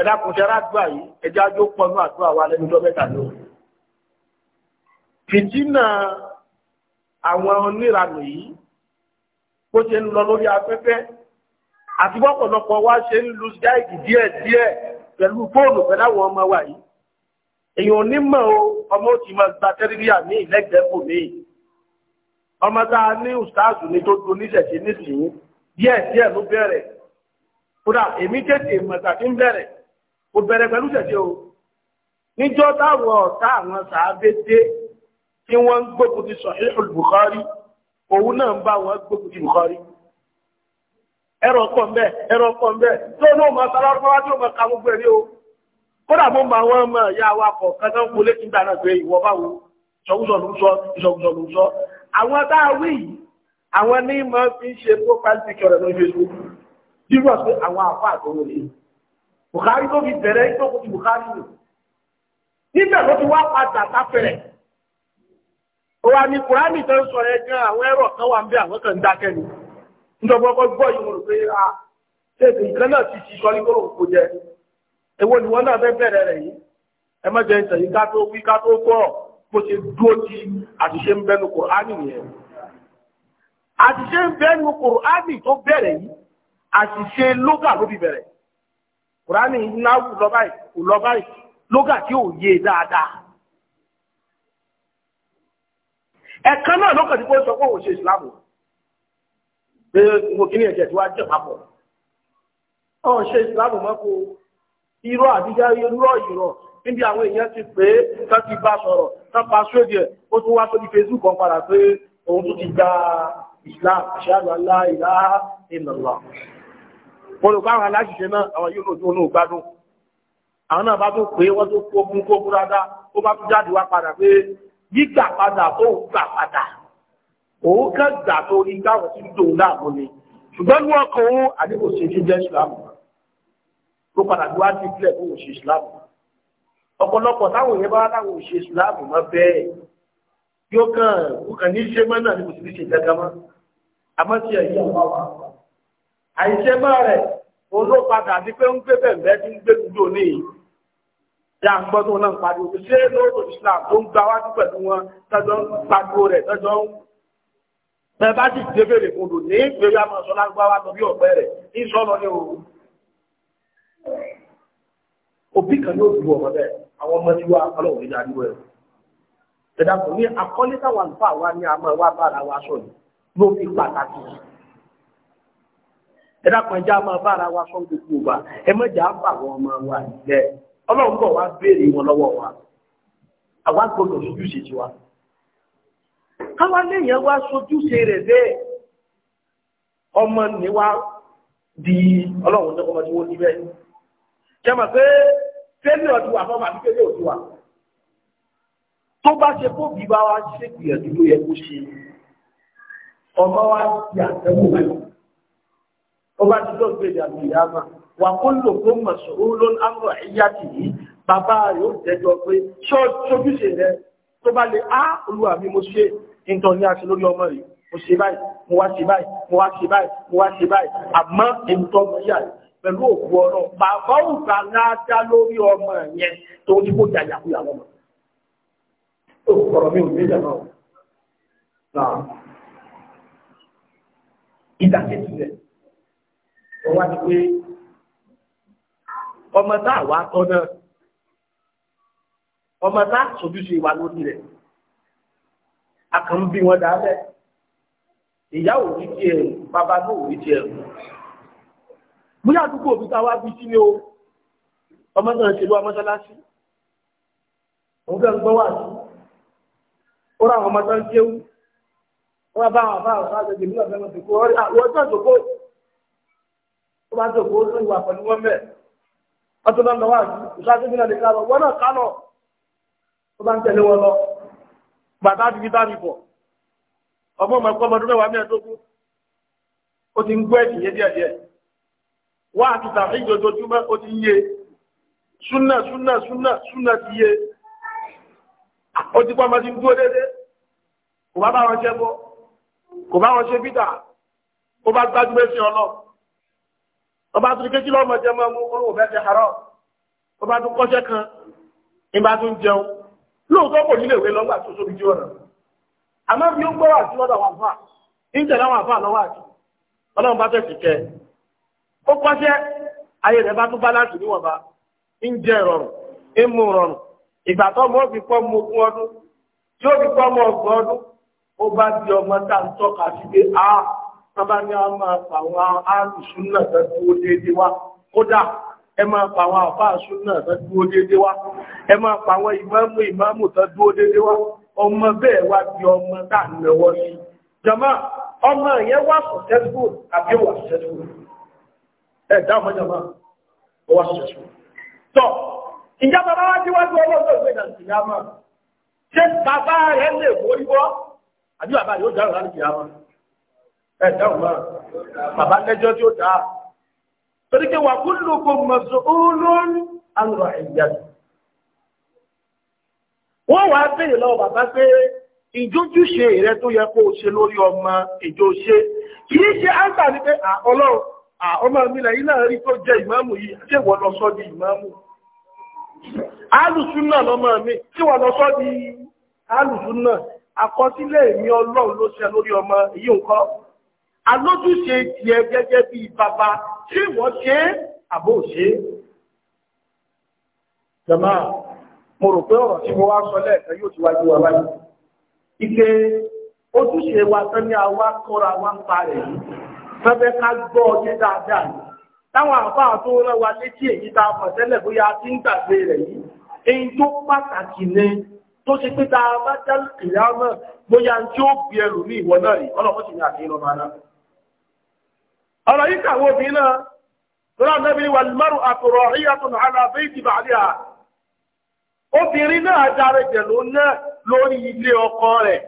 ẹ̀dá kò ṣe aládùúgbà yìí ẹjọ́ ajó pọ̀ àdúrà wa lẹ́nu ọjọ́ mẹ́ta fìtínà àwọn oníranù yìí bó ṣe ń lọ lórí afẹ́fẹ́ àti bọ́pọ̀lọpọ̀ wá ṣe ń lu gáìdì díẹ̀díẹ̀ pẹ̀lú fóònù pẹ̀lú àwọn ọmọ wa yìí èyàn onímọ̀ o ọmọ òtí máa gba tẹ́rìbíà ní ìlẹ́gbẹ̀ẹ́kù ní ọmọ tá a ní ustaazu ní tó do níṣẹ̀ṣe nísìnyí díẹ̀díẹ̀ ló bẹ̀rẹ̀ kódà èmi tètè mọ̀tà tí ń bẹ̀rẹ̀ kò bẹ̀rẹ̀ pẹ̀lú ṣẹ̀ṣe o níjọ́ táwọn ọ̀tá àwọn sàábé dé tí wọ́n ń gbógun ti sọ̀híhùn Bukhari òun náà ń bá wọn gbógun ti Bukhari ẹ̀rọ pọ̀ ń bẹ̀ ẹ̀rọ pọ̀ ń bẹ̀ tí ó náà máa sálárúbáwá tí ó máa ka gbogbo ẹ̀rí o kódà mo máa wọ́n mọ̀ ya wa kọ̀ kankan kó létí gbà náà pé ìwọ báwo ìṣọ̀gùsọ̀ ló ń sọ ìṣọ̀gùsọ̀ ló ń sọ àwọn tá a wí yìí àwọn ní máa fi ń ṣe profile picture rẹ̀ lórí Facebook bíbọ̀ pé àwọn àfa àtọwọ́ rẹ̀ Bukhari tó fi bẹ̀rẹ̀ tó kó ti Bukhari nù níbẹ̀ ló ti wá padà sáfẹ̀rẹ̀ wa ni kùránì tó ń sọ gan àwọn ẹ̀rọ kan wà ń bẹ àwọn kan dákẹ́ ni nítorí gbọ́ yìí pé a ah, ìkan náà ti ṣiṣọ́ ní kóró kò jẹ ni wọ́n náà fẹ́ bẹ̀rẹ̀ rẹ̀ yìí ẹ má jẹ ìtàn ká tó wí ká tó gbọ́ bó ṣe dúró ti àṣìṣe ń bẹnu kùránì yẹn àṣìṣe ń bẹnu kùránì tó bẹ̀rẹ̀ yìí àṣìṣe lógà ló fi bẹ̀rẹ̀ ẹ̀kan náà ló kàn sí pé ó sọ pé òun ṣe ìsìlámù pé mo kí ní ẹ̀jẹ̀ tí wàá jẹ̀ papọ̀ ọ̀hún ṣe ìsìlámù mọ́kò irọ́ àbíjá irọ́ ìrọ̀ níbi àwọn èèyàn ti pé tán ti bá sọ̀rọ̀ tán pa sóòdì ẹ̀ ó tún wá sórí Facebook kan padà pé òun tún ti gba Islam ashhadu an la ilaha illallah wọn lò káwọn aláṣìṣe náà àwọn yóò lòdì olóò gbádùn àwọn náà bá tún pé wọ́n tún kó ogun kó ogun ó bá tún jáde wá padà pé gbígbà padà tó gbà padà òun kàn gbà tó rí káwọn tí ń dòun láàmú ni ṣùgbọ́n ní ọkọ̀ òun àdébò ṣe ṣe jẹ́ ìsìlámù tó padà bí wá sí ìpínlẹ̀ tó ṣe ìsìlámù ọ̀pọ̀lọpọ̀ táwọn èèyàn bá láwọn òṣè ìsìlámù mọ́ bẹ́ẹ̀ yóò kàn ó kàn ní ṣe mọ́nà ní kòtò ṣe gẹ́gẹ́ mọ́ àmọ́ tí ẹ̀yí àwọn wa àìṣe mọ́ rẹ̀ olóòpadà ní pé ń gbé bẹ̀rẹ̀ tí ń gbé gbúdò níyì ya ń gbọ́ tó náà pariwo pé ṣé lóòrò Islam tó ń gba wájú pẹ̀lú wọn tọ́jọ́ ń pariwo rẹ̀ tọ́jọ́ ń bẹ bá sì dé bèrè fún un ní ìgbéyàwó àmọ́ sọlá ń gbá wá lọ bí ọ̀pẹ rẹ̀ ní sọ́nà ní òru. òbí kan yóò du ọmọ bẹ́ẹ̀ àwọn ọmọ tí wàá ọlọ́run níjà ní wẹ̀rẹ̀. ẹ̀dá kò ní akọ́lé táwọn àlùfáà wa ní àmọ́ wa bára wa sọ yìí ló fi já máa bára wa sọ gbogbo wa ẹ mọ̀jà bá àwọn ọmọ wa yìí ọlọ́run bọ̀ wá béèrè wọn lọ́wọ́ wa àwa gbọdọ̀ sojúṣe ti wa káwa lẹ́yìn wa sojúṣe rẹ̀ bẹ́ẹ̀ ọmọ ni di ọlọ́run tó kọ́mọ tí wọ́n ní bẹ́ẹ̀ jẹ́ mọ̀ pé fẹ́lẹ̀ ọdún wa fọ́mọ àti fẹ́lẹ̀ ọdún wa tó bá ṣe kó bí bá wa ṣe gbìyànjú ló yẹ kó ṣe ọmọ wa ti àtẹ́wò báyìí ó bá ti dọ́gbé ìdàgbé ìyáàmà wà kún lò fún mọ̀sùrù ló ń àmọ̀ ìyá tì yí bàbá rẹ̀ ó jẹjọ pé ṣojúṣe rẹ̀ tó bá lè á olúwa mi mo ṣe nǹkan ní aṣọ lórí ọmọ rẹ̀ mo ṣe báyìí mo wá ṣe báyìí mo wá ṣe báyìí mo wá ṣe báyìí àmọ́ èmi tó mọ yà rẹ̀ pẹ̀lú òkú ọ̀rọ̀ bàbá ò bá láàdá lórí ọmọ yẹn tó ní kó jà yàkúyà lọ́mọ. ọ̀rọ̀ mi ò ní ìjàmbá o. ìdàkejì rẹ̀ wọ́n wá ní pé ọmọ tá àwa tọ́ náà ọmọ tá sojúṣe wa lórí rẹ̀ akàn bí wọn dáa bẹ́ẹ̀ ìyá ò rí tiẹ̀ bàbá náà ò rí tiẹ̀ bóyá àdúgbò òbí táwa bí sí ni o ọmọ náà ṣèlú amọ́sálásí òun kẹ́ ń gbọ́ wà sí ó ra àwọn ọmọ tó ń kéwú wọ́n bá àwọn àbá àwọn àgbègbè nígbà fẹ́ràn tó kó wọ́n tó ń tó tó bá jòkó ó tún ìwà pẹ̀lú wọn bẹ̀ wọ́n tó bá ń lọ wá ìṣáájú bí náà lè kára wọn náà kánọ̀ tó bá ń tẹ̀lé wọn lọ bàtà ti fi dábì bọ̀ ọmọ ọmọ ẹ̀kọ́ ọmọdún mẹ́wàá mẹ́ẹ̀ẹ́dógún ó ti ń gbọ́ ẹ̀sìn yé díẹ̀díẹ̀ wá àti tàbí ìjọjọjúmọ́ ó ti yé súnà súnà súnà súnà ti yé ó ti pọ́ ọmọ ti ń dúró déédéé kò bá bá wọn ṣẹ́ bọ́ kò bá wọn ṣe bídà ó bá gbájúmọ́ sí ọlọ́run ọba tó ní kéjì ọmọ jẹ mọ́ ọmọ olówó fẹ́ jẹ àárọ̀ ọba tó kọ́ṣẹ́ kan ìbá tó ń jẹun lóòótọ́ kò nílé ìwé lọ́gbà tó sóbi jí ọ̀nà àmọ́ bí ó lọ́dọ̀ àwọn ń tẹ̀lé àwọn lọ́wọ́ àti ọlọ́run bá tẹ̀sí kẹ́ ó kọ́ṣẹ́ ayé rẹ̀ bá tó níwọ̀nba ń jẹ ìrọ̀rùn ń mú ìrọ̀rùn ìgbà tó pọ́ ogún ọdún tí pọ́ ọmọ bá ní a máa pa àwọn àrùsúnà tó dúró déédéé wá kódà ẹ máa pa àwọn àfáàsúnà tó dúró déédéé wá ẹ máa pa àwọn ìmáàmù ìmáàmù tó dúró déédéé wá ọmọ bẹ́ẹ̀ wá di ọmọ tá lọ́wọ́ sí jama ọmọ yẹn wá successful àbí wà successful ẹ dáhùn jama ó wá successful tọ ìjọba bá wá síwájú ọlọ́dọ̀ ìgbé náà ẹ̀dáhùn máa bàbá lẹ́jọ́ tí ó dáa torí kí wà kú ló kó mọ̀sọ̀ olóòrùn àrùn ẹ̀yà wọ́n wá bèèrè lọ bàbá pé ìjójúṣe rẹ tó yẹ kó ṣe lórí ọmọ ìjóṣe kì í ṣe áńtà ní pé ọlọ́run ọmọ mi lẹ́yìn náà rí tó jẹ ìmáàmù yìí ṣé wọ́n lọ sọ́ di ìmáàmù alùsùnà lọ́mọ mi tí wọ́n lọ sọ́ di alùsùnà àkọsílẹ̀ mi ọlọ́run ló ṣe lórí ọmọ yìí nǹkan alójúṣe tiẹ̀ gẹ́gẹ́ bí bàbá ṣé wọ́n ṣe é àbò ṣe é. jama mo rò pé ọ̀rọ̀ tí mo wá sọ lẹ́ẹ̀kan yóò ti wájú wa báyìí. ike ojúṣe wa tán ni àwa kọ́ra wa ń pa rẹ̀ yìí fẹ́fẹ́ ká gbọ́ ọdún dáadáa yìí táwọn àfáà tó rán wa létí èyí tá mọ̀ tẹ́lẹ̀ bóyá ti ń gbàgbé rẹ̀ yìí èyí tó pàtàkì ni tó ṣe pé tá bá dá ìyá náà bóyá tí ó bí ẹrù ní ìwọ náà rí ọlọ́pọ̀ sì ní àṣeyọrọ máa náà. ọ̀rọ̀ yìí kàwé obìnrin náà lọ́rọ̀ nẹ́bí wà lẹ́rù àtọ̀rọ̀ ìyàtọ̀ nàhálà bẹ́ẹ̀dì bàálì à. obìnrin náà dára lórí ilé ọkọ rẹ̀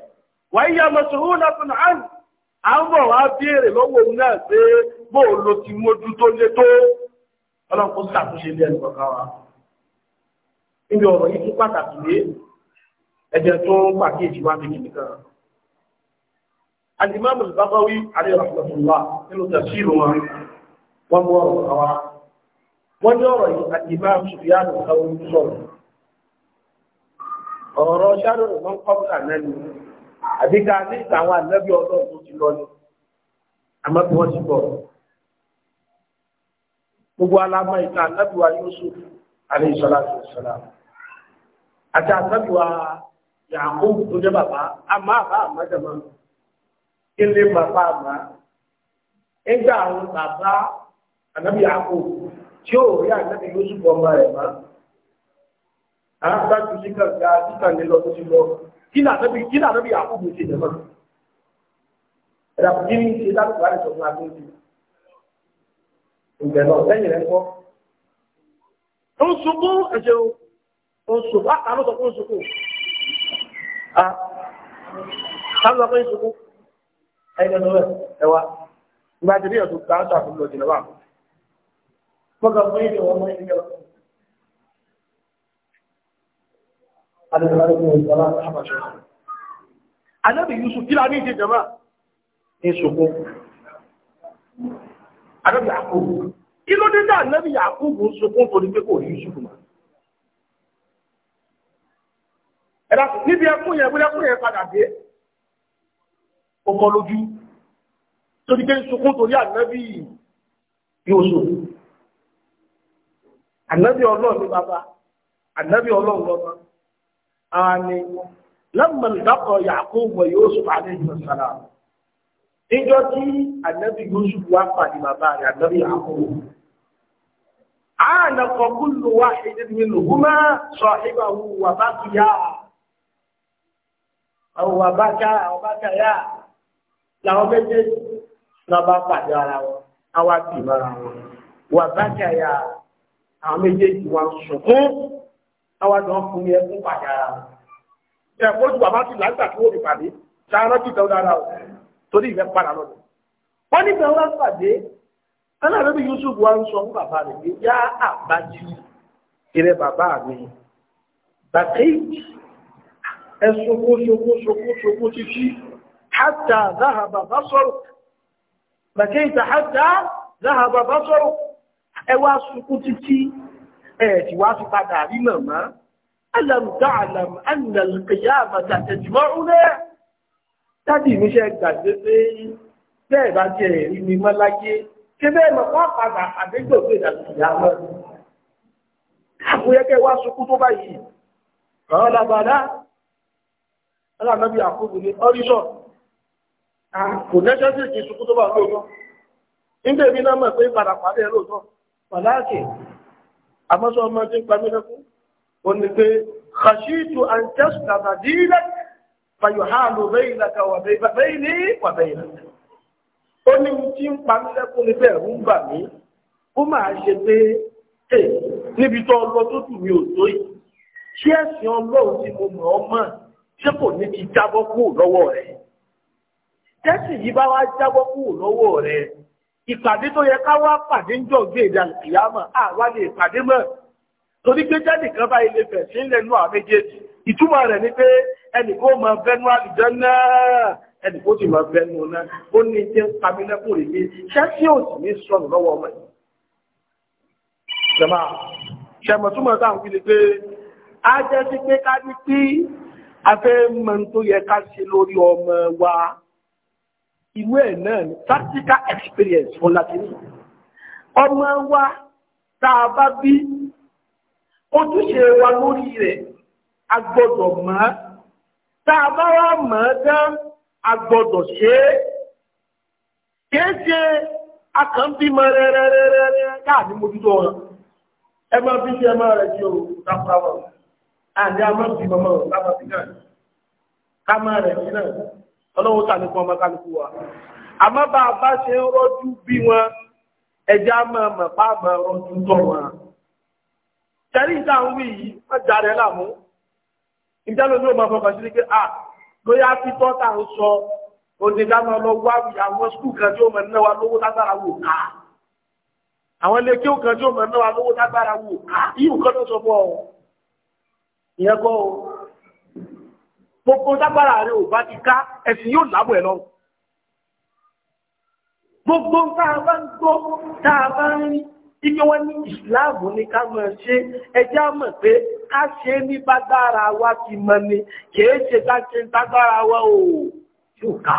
wà yà mọ̀sùlùmí náà alimami bagawi alayhi rahmatullah nínú tafsir wọn wọn mú ọ̀rọ̀ àwa wọn ní ọ̀rọ̀ yìí alimami sufyan awo sọ̀rọ̀ ọ̀rọ̀ ṣáàrò rẹ wọn kọ bùkà náà ni àbí ká ní ìtàwọn ànábì Ọlọ́run tó ti lọ ni àmọ́ bí wọn ti bọ gbogbo alama ìta ànábì wa Yusuf alayhi salatu wassalam àti ànábì wa Yaqub tó jẹ bàbá àmọ́ àbá àmọ́ jẹ mọ kí lè má bá a má nígbà àwọn bàbá ànábì àpò tí ó rí ànábì yóò sùn bọ́ ọmọ rẹ̀ má arábàtú sí kànga títàlélọ́ tó ti lọ kí ni ànábì àpò mi ti dẹ̀mọ́ ẹ̀dà kí ni ṣe lálùbọ̀ àìsàn fún agbóhùn ìgbẹ̀nà lẹ́yìn rẹ̀ kọ́ ó ń sunkún ẹ̀jẹ̀ o ó ń sunkún àkàlọ́ ah, sọ fún ìsunkún àkàlọ́ ah, sọ fún ìsunkún. ẹgbẹ́ tó tó Yusuf kí láti ìṣe jama ìṣòkó. Anábì Yakubu. Kí ló dé dá Anábì Yakubu pé kò rí Yusuf ma. Ẹ̀dá níbi padà dé. ó kọ́ lójú tó ti gbé sunkún torí ànábì Yusuf ànábì ọlọ́run ní bàbá ànábì ọlọ́run lọ́mọ àní lẹ́mọ̀ ìdákọ̀ Yaqub wa Yusuf alayhi salam níjọ́ tí ànábì Yusuf wá pàdé bàbá rẹ̀ ànábì Yaqub علق كل واحد منهما صاحبه وبكيا أو وبكى وبكيا làwọn méjèèjì náà bá pàdé ara wọn àwa bì mọ́ra wọn wà bá kẹyà àwọn méjèèjì wọn sùnkún àwa jọ ń fún yẹn fún pàdé ara wọn. ẹ kó ju bàbá ti lágbà tí wọ́n fi pàdé sáárọ̀ ti dẹ́wọ́ dára o torí ìfẹ́ padà lọ́dọ̀. wọ́n ní bẹ̀rù wọn pàdé aláàbẹ̀bí Yusuf wa ń sọ fún bàbá rẹ̀ pé yá àbájú ìrẹ bàbá mi bàtẹ́yì ẹ sunkún sunkún sunkún sunkún títí. حتى ذهب بصرك بكيت حتى ذهب بصرك ẹwà sunkún títí ẹ̀ẹ̀tì wá fi padà rí màmá alam ta'lam anna al-qiyamata tajma'una tàbí ìmúṣẹ́ gbàgbé pé bẹ́ẹ̀ bá jẹ́ ẹ̀rí mi mọ́ láyé ṣé bẹ́ẹ̀ mọ̀ wá padà àdégbògbè ìdàgbìyà mọ́ àkúyẹ́kẹ́ wá sunkún tó báyìí ọ̀rọ̀ làbàdá ọlọ́run náà bí àkóbìnrin ọrísọ̀rọ̀ kò lẹ́jọ́ sí ìkí ṣukú tó bá lóòótọ́ nígbà èmi náà mọ̀ pé padà pàdé ẹ lóòótọ́ pàdáàkì àmọ́sọ ọmọ tí ń pa mí lẹ́kún ó ní pé khashitu an tasqata dinak fayuhalu baynaka wa bayni wa baynak ó ní tí ń pa mí lẹ́kún ní bẹ́ẹ̀ ń bà mí ó máa ṣe pé níbi tó lọ tó tù mí ò tó yìí ṣé ẹ̀sìn ọlọ́run tí mo mọ̀ ọ́ mọ̀ ṣé kò ní ti jábọ́ kúrò lọ́wọ́ rẹ̀ tẹ́sì yìí bá wá jábọ́ kúrò lọ́wọ́ rẹ̀ ìpàdé tó yẹ ká wá pàdé ń jọ gbé ìdàlùkìyàmọ̀ àwa lè pàdé mọ́ torí pé jáde kan bá ilé fẹ̀ sí lẹ́nu àwọn méjèèjì ìtumọ̀ rẹ̀ ni pé ẹnì kó máa bẹnu àlùjọ náà ẹnì kó sì máa bẹnu náà ó ní jẹ́ pamílẹ́kùn rèé ṣẹ́sí ò sì ní sọnù lọ́wọ́ ọmọ yìí. jẹ̀máà túmọ̀ sáà ń fi ni pé a jẹ́ sí pé ká ní pé a fẹ́ mọ̀ tó yẹ ká ṣe lórí ọmọ wa ìwé ẹ̀ náà ni practical experience fún latini ọmọ wa tá a bá bí ojúṣe wa lórí rẹ̀ a gbọ́dọ̀ mọ̀ tá a bá wá mọ̀ dán a gbọ́dọ̀ ṣe é kìí ṣe akànbímọ rẹ̀rẹ̀rẹ̀rẹ̀ káàdì mójútó ọ̀rọ̀ ẹ máa fi ṣe ẹ máa rẹ̀ jù lápapọ̀ àti a máa fi mọ̀mọ́ lápapọ̀ ká máa rẹ̀ náà ọlọ́run tà nípa ọmọ kálukú wa àmọ́ bá a bá ṣe ń rọ́jú bí wọn ẹja máa mọ̀ bá a máa rọ́jú tọ̀ wọn. tẹ̀lé ìta ń wí yìí wọ́n darẹ̀ láàmú ìjálò ní ọmọ ọmọ sí pé à lóyá títọ́ tà ń sọ onídàámọ́ lọ wá àwọn skul kan tí ó mọ̀ náà wá lówó lágbára wò ká àwọn ilé kí ó kan tí ó mọ̀ náà wá lówó lágbára wò ká yíò kan tó sọ fún ọ ìyẹn kọ́ o gbogbo dágbára rẹ ò bá ti ká ẹ̀sìn yóò lábọ̀ ẹ̀ lọ. gbogbo tá a bá ń gbọ́ tá a bá ń rí ibi wọn ní ìsìláàmù ní ká máa ṣe ẹjẹ́ àmọ̀ pé ká ṣe ní bágbára wa ti mọ ni kìí ṣe ká ṣe bágbára wa ò yóò ká.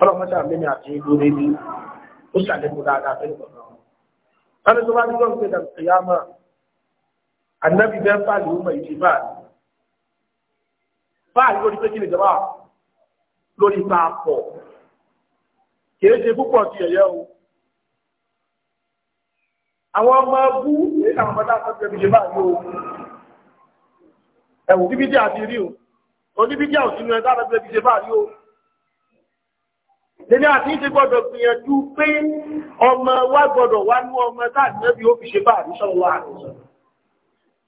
ọlọ́mọdé àmì àti ìlú rẹ ó ṣàlékún dáadáa fẹ́ lọ́nà. wọn ní tó bá ní gbọ́n fáàrí lórí pé kí ni jọba lórí ta pọ̀ kìí ṣe púpọ̀ ti ẹ̀yẹ o àwọn ọmọ bú èyí àwọn ọmọdé àtọ́jú ẹbí ṣe báyìí o ẹ̀wù bíbí jẹ́ àti rí o oníbí jẹ́ òsínú ẹ̀dá àtọ́jú ẹbí ṣe báyìí o lẹ́ni àti ìṣe gbọ́dọ̀ gbìyànjú pé ọmọ wa gbọ́dọ̀ wá ní ọmọ táàdì náà bí ó fi ṣe báyìí sọ́wọ́ àrùn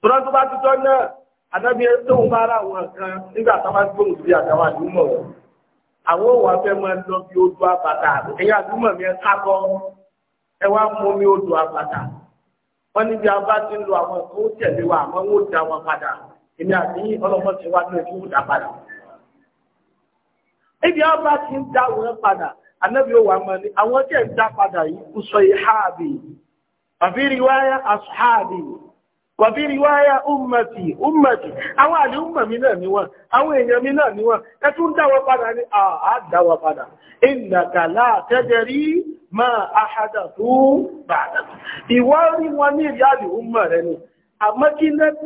sọ́wọ́ adábí tóun bá rà kan nígbà táwọn àtàwọn àdúmọ̀ àwọn máa lọ bí odò àbàtà àdúmọ̀ mi kákọ́ ẹ wá mú mi odò àbàtà wọ́n níbi abá ti ń lo àwọn nǹkan ó tẹ̀lé wa àmọ́ wọ́n ó da wọn padà èmi àti ọlọ́mọ ti wá ní ó padà. da wọn padà àwọn wàbí ríwáyà ummati ummati àwọn àlè umma mi náà ni wọ́n àwọn èèyàn mi náà ni wọ́n ẹ tún dáwọ́ padà ní àádáwọ́ padà innaka la tadri ma ahadathu ba'dak ìwọ́ rí wọn ní ìrí àlè umma rẹ ni àmọ́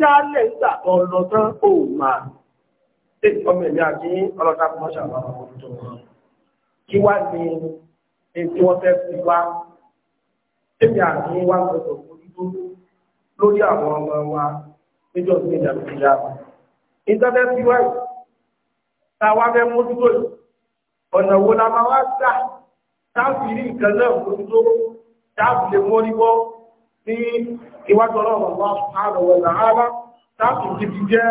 dálẹ̀ ìgbà ọ̀rọ̀ tán ó máa ọmọ ìlú àti ọlọ́ta kọmọ́ṣà tó wọ́n lórí àwọn ọmọ wa níjọ́ sí ìjà lórí ìyá wa. ìtọ́tẹ́ sí wáyé a wá fẹ́ mójútó yìí ọ̀nà wo la máa wá gbà táàbì rí nǹkan náà mójútó táàbì lè mọ́ níwọ́ ní iwájú ọlọ́run wa subhanahu wa ta'ala táàbì ti fi jẹ́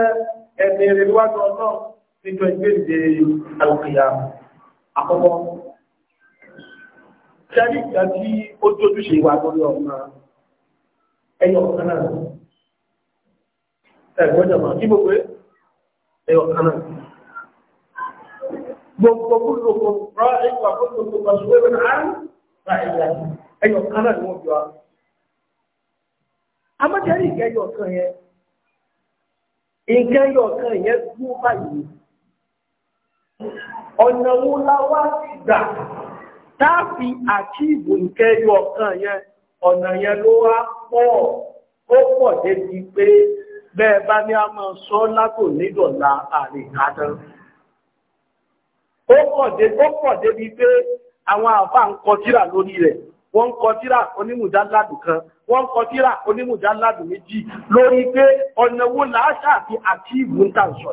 ẹni ẹ̀rẹ̀ iwájú ọlọ́run níjọ́ ìgbéǹde tí ó tójú ṣe ìwà lórí ọ̀nà ẹyọ kan náà ẹgbọ́dọ̀ máa kí gbogbo ẹyọ kan gbogbo ẹgbà gbogbo gbogbo ṣùgbọ́n ẹgbẹ́ náà rà ẹ̀yà ẹyọ kan náà wọ́n fi wá. amájẹ́rì ìkẹyọ kan yẹn ìkẹyọ kan yẹn gún báyìí ọ̀nà ọ̀nà yẹn ló wá pọ̀ ó pọ̀ bí pé bẹ́ẹ̀ bá ní a máa sọ látò nídọ̀la àrè ó pọ̀ bí pé àwọn àfà ń kọ lórí rẹ̀ wọ́n ń kọ onímùdáládù kan wọ́n ń kọ onímùdáládù méjì lórí pé wo làáṣà àti àti ń sọ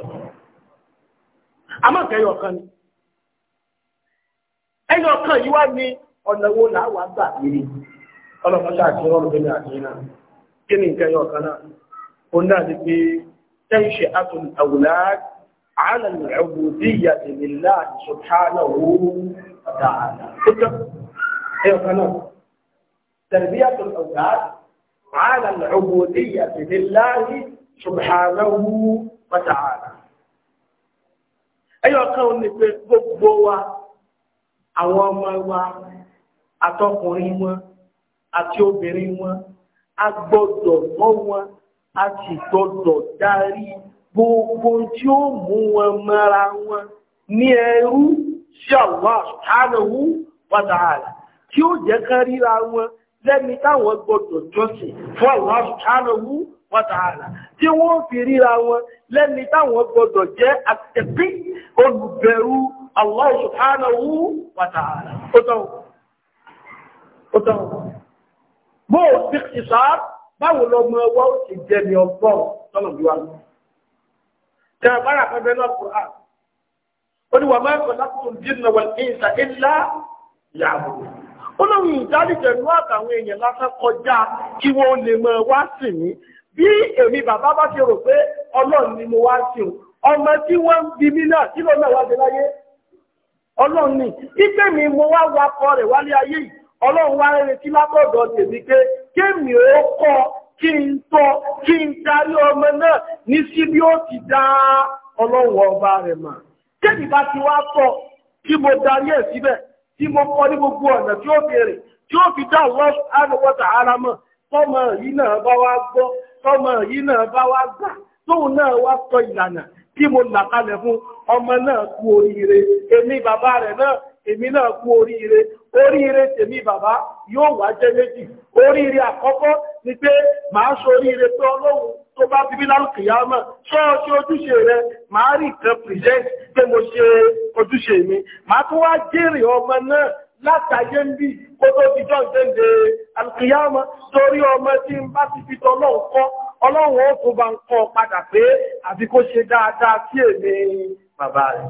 yìí kan ni kan yìí wá ní ọ̀nà wo làá wà gbà ọlọ́pàá àti ọrọ̀ bẹ̀rẹ̀ àdínà kí ni nǹkan yọ kanáà ó náà ti pé tẹ́ǹṣẹ̀ àtún àwùlá àálàlù ẹ̀wù bí ìyà ìlélá ìṣọ̀tánà owó dáadáa ó tán ẹyọ kanáà tẹ̀lẹ́bíyà tó àwùlá àálàlù ẹ̀wù bí ìyà ìlélá ìṣọ̀tánà àwọn ọmọ wa atọkùnrin wọn àti obìnrin wọn a gbọ́dọ̀ mọ́ wọn a sì gbọ́dọ̀ darí gbogbo tí ó mú wọn mọ́ra wọn ní ẹrú sí Allah subhanahu wa ta'ala tí ó jẹ́ kán ríra wọn lẹ́ni táwọn gbọ́dọ̀ jọ́sìn fún Allah subhanahu wa ta'ala tí wọ́n fi ríra wọn lẹ́ni táwọn gbọ́dọ̀ jẹ́ àtẹ̀bí olùbẹ̀rù Allah subhanahu wa ta'ala. Ó tán. Ó tán bó o ti ìṣá báwo lọmọ ọwọ́ ó ti jẹ ní ọgbọ́n tọ́nà bí wa lọ. tẹ bára kan bẹ náà kúrò ó ní wà máa kọ lákòókò dínà wà ní ìṣà ìlà yàgò. ó lóun ìdálìjẹ̀nú àtàwọn èèyàn lásán kọjá kí wọ́n lè mọ wá sí mi bí èmi bàbá bá ṣe rò pé ọlọ́run ni mo wá sí o ọmọ tí wọ́n ń bi mí náà kí ló wá dé láyé ọlọ́run ni ìgbẹ́mi mo wá wakọ rẹ̀ wálé ayé yìí ọlọ́run wá rẹ̀ tí látọ̀dọ̀ tèmi pé kémi ó kọ́ kí n tọ́ kí n darí ọmọ náà ní sí bí ó ti dá ọlọ́run ọba rẹ̀ mà kémi bá ti wá tọ́ kí mo darí ẹ̀ síbẹ̀ tí mo kọ́ ní gbogbo ọ̀nà tí ó béèrè tí ó fi dá Allah subhanahu wa ta'ala mọ̀ tọ́mọ yìí náà bá wá gbọ́ tọ́mọ yìí náà bá wá gbà tóun náà wá tọ́ ìlànà tí mo là kalẹ̀ fún ọmọ náà kú oríire èmi bàbá rẹ̀ náà èmi náà kú oríire oríire tèmi bàbá yóò wá jẹ́ méjì oríire àkọ́kọ́ ni pé màá soríire pé ọlọ́run tó bá bíbí lálùkì yá mọ̀ ṣọ́ọ̀ṣì ojúṣe rẹ màá rí nǹkan present pé mo ṣe ojúṣe mi màá tún wá jèrè ọmọ náà látàyé ń bí kó tó ti jọ́ ìjẹ́ǹde alùkìyàmọ́ torí ọmọ tí ń bá ti fi tọ́ ọlọ́run kọ́ ọlọ́run ó tún bá ń kọ́ padà pé àfi kó ṣe dáadáa sí èmi bàbá rẹ̀.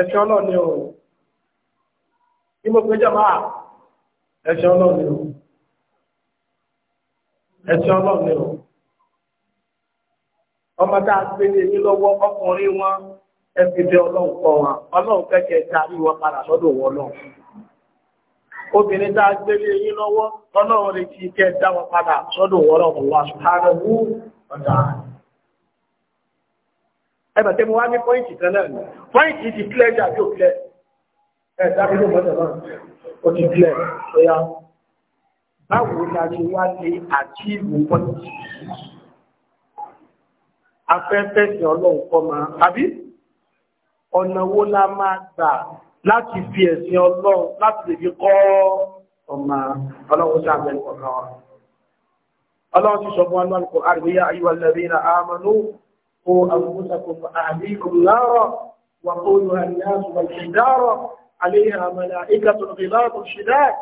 ẹ̀sìn ọlọ́ọ̀ni o ní mo péjọ máa ẹ̀sìn ọlọ́ọ̀ni o ẹ̀sìn ọlọ́ọ̀ni o ọmọ tá a gbé ní èmi lọ́wọ́ ọkùnrin wọn ẹ fi bẹ ọlọ́run kọ wọn ọlọ́run kẹ́kẹ́ darí wọn padà lọ́dọ̀ wọn lọ obìnrin tá a gbé ní èmi lọ́wọ́ ọlọ́run lè fi kẹ́ dá wọn padà lọ́dọ̀ wọn lọ́wọ́ subhanahu ẹgbẹ̀ tí mo wá ní pọ́ìntì kan náà ni pọ́ìntì ti clear jà bí ó clear ẹ̀ dábìlì mọ́tò náà ó ti clear ó yá báwo la ṣe wá lè àchíìvù pọ́ìntì afẹ́fẹ́ sí ọlọ́run kọ́ máa àbí ọ̀nà wo la máa gbà láti fi ẹ̀sìn ọlọ́run láti lè fi kọ́ ọmọ ọlọ́run sábẹ́ ọ̀kan ọlọ́run ti sọ fún wa lọ́nà kò àríwá ayélujára amánú قوا أنفسكم وأهليكم نارا وقولها الناس والحجارة عليها ملائكة غلاظ شداد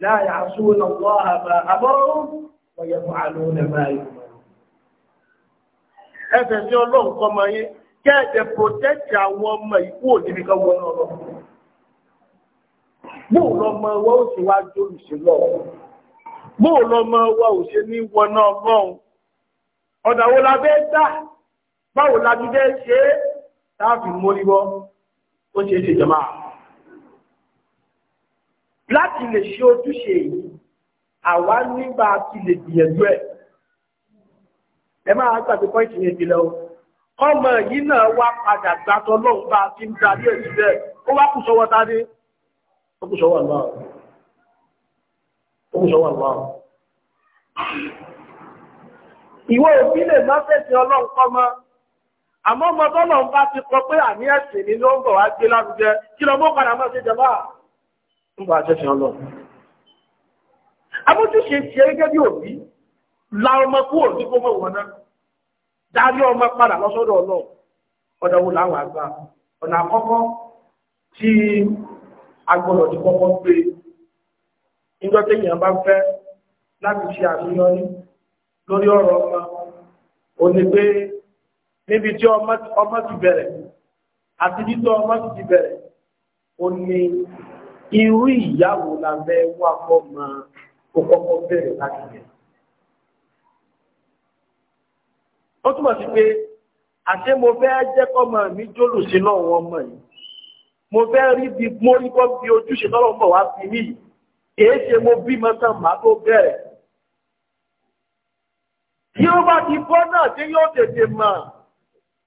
لا يعصون الله ما أمرهم ويفعلون ما يؤمرون ẹ̀fẹ̀ sí ọlọ́run kọ ma yé kẹ́ẹ̀dẹ̀ protect àwọn ọmọ ìkú òdìrí kan wọ́n lọ́rọ̀ bóò lọ́mọ wọ́n ó sì wá jóòrù sí lọ́wọ́ bóò lọ́mọ wọ́n ò ṣe ní wọná ọlọ́run ọ̀dàwó la bẹ́ẹ̀ dá báwo láti fẹ́ ṣe é táàfi móríwọ́ ó ṣe é ṣe jọmá láti lè ṣe ojúṣe yìí àwa nígbà ti lè gbìyànjú ẹ̀ ẹ máa gbàgbé pọ́ìntì yẹn ti lọ ọmọ yìí náà wá padà gbàtọ́ lọ́hùn bá ti ń darí ẹ̀ síbẹ̀ ó wá kù sọ́wọ́ tádé ó kù sọ́wọ́ àlọ́ ó kù sọ́wọ́ àlọ́ ìwọ òbí lè má fẹ̀sìn ọlọ́run kọ́ mọ́ àmọ́ ọmọ tọ́lọ̀ ń bá ti kọ pé àní ẹ̀sìn ni ló ń bọ̀ wá gbé lárugẹ kí lọ mọ́ máa ṣe jẹba ń bọ̀ àṣẹ ṣan lọ. abójúṣe ṣe gẹ́gẹ́ bí òbí la ọmọ kúrò kó mọ̀ ọmọ padà lọ́sọ́dọ̀ ọ̀dọ̀ wo làwọn àgbà ọ̀nà àkọ́kọ́ tí agbọ́dọ̀ ti kọ́kọ́ gbé bá fẹ́ láti ṣe àṣeyọrí lórí ọ̀rọ̀ níbi tí ọmọ ti bẹ̀rẹ̀ àti títọ́ ọmọ ti bẹ̀rẹ̀ ó ní irú ìyàwó la fẹ́ wà fọ́ mọ kókọ́kọ́ bẹ̀rẹ̀ láti bẹ̀rẹ̀. ó túmọ̀ sí pé àṣé mo fẹ́ jẹ́ kọ́mọ mi jólù sínú wọn mọ̀ yìí mo fẹ́ rí bí mo rí bọ́ bí ojúṣe tọ́lọ́ mọ̀ wá sí mí yìí kìí ṣe mo bímọ tán màá tó bẹ̀rẹ̀. tí ó bá ti bọ́ náà ṣé yóò tètè mọ̀.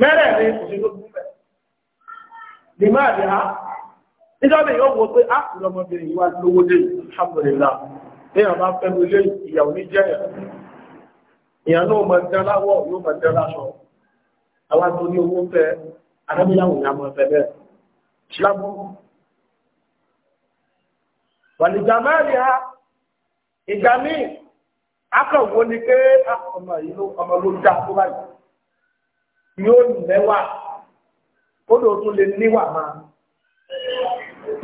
mẹ́rẹ̀ẹ̀rin kò sí lókun bẹ̀. lè máa dẹ̀ á níjọ́bẹ̀ yóò wọ pé á ah, kù lọmọbìnrin yìí alhamdulillah èèyàn bá fẹ́ lu ilé ìyàwó ní jẹ́ èèyàn náà mọ̀ jẹ́ láwọ̀ yóò ni a mọ̀ fẹ́ bẹ́ẹ̀ ṣílábù wàlìjàmáàlìá ìgbà míì akọ̀wò ni pé ah, ọmọ yìí ló ọmọ ló dá tó báyìí yóò lẹ́wà kódò tó lè níwà máa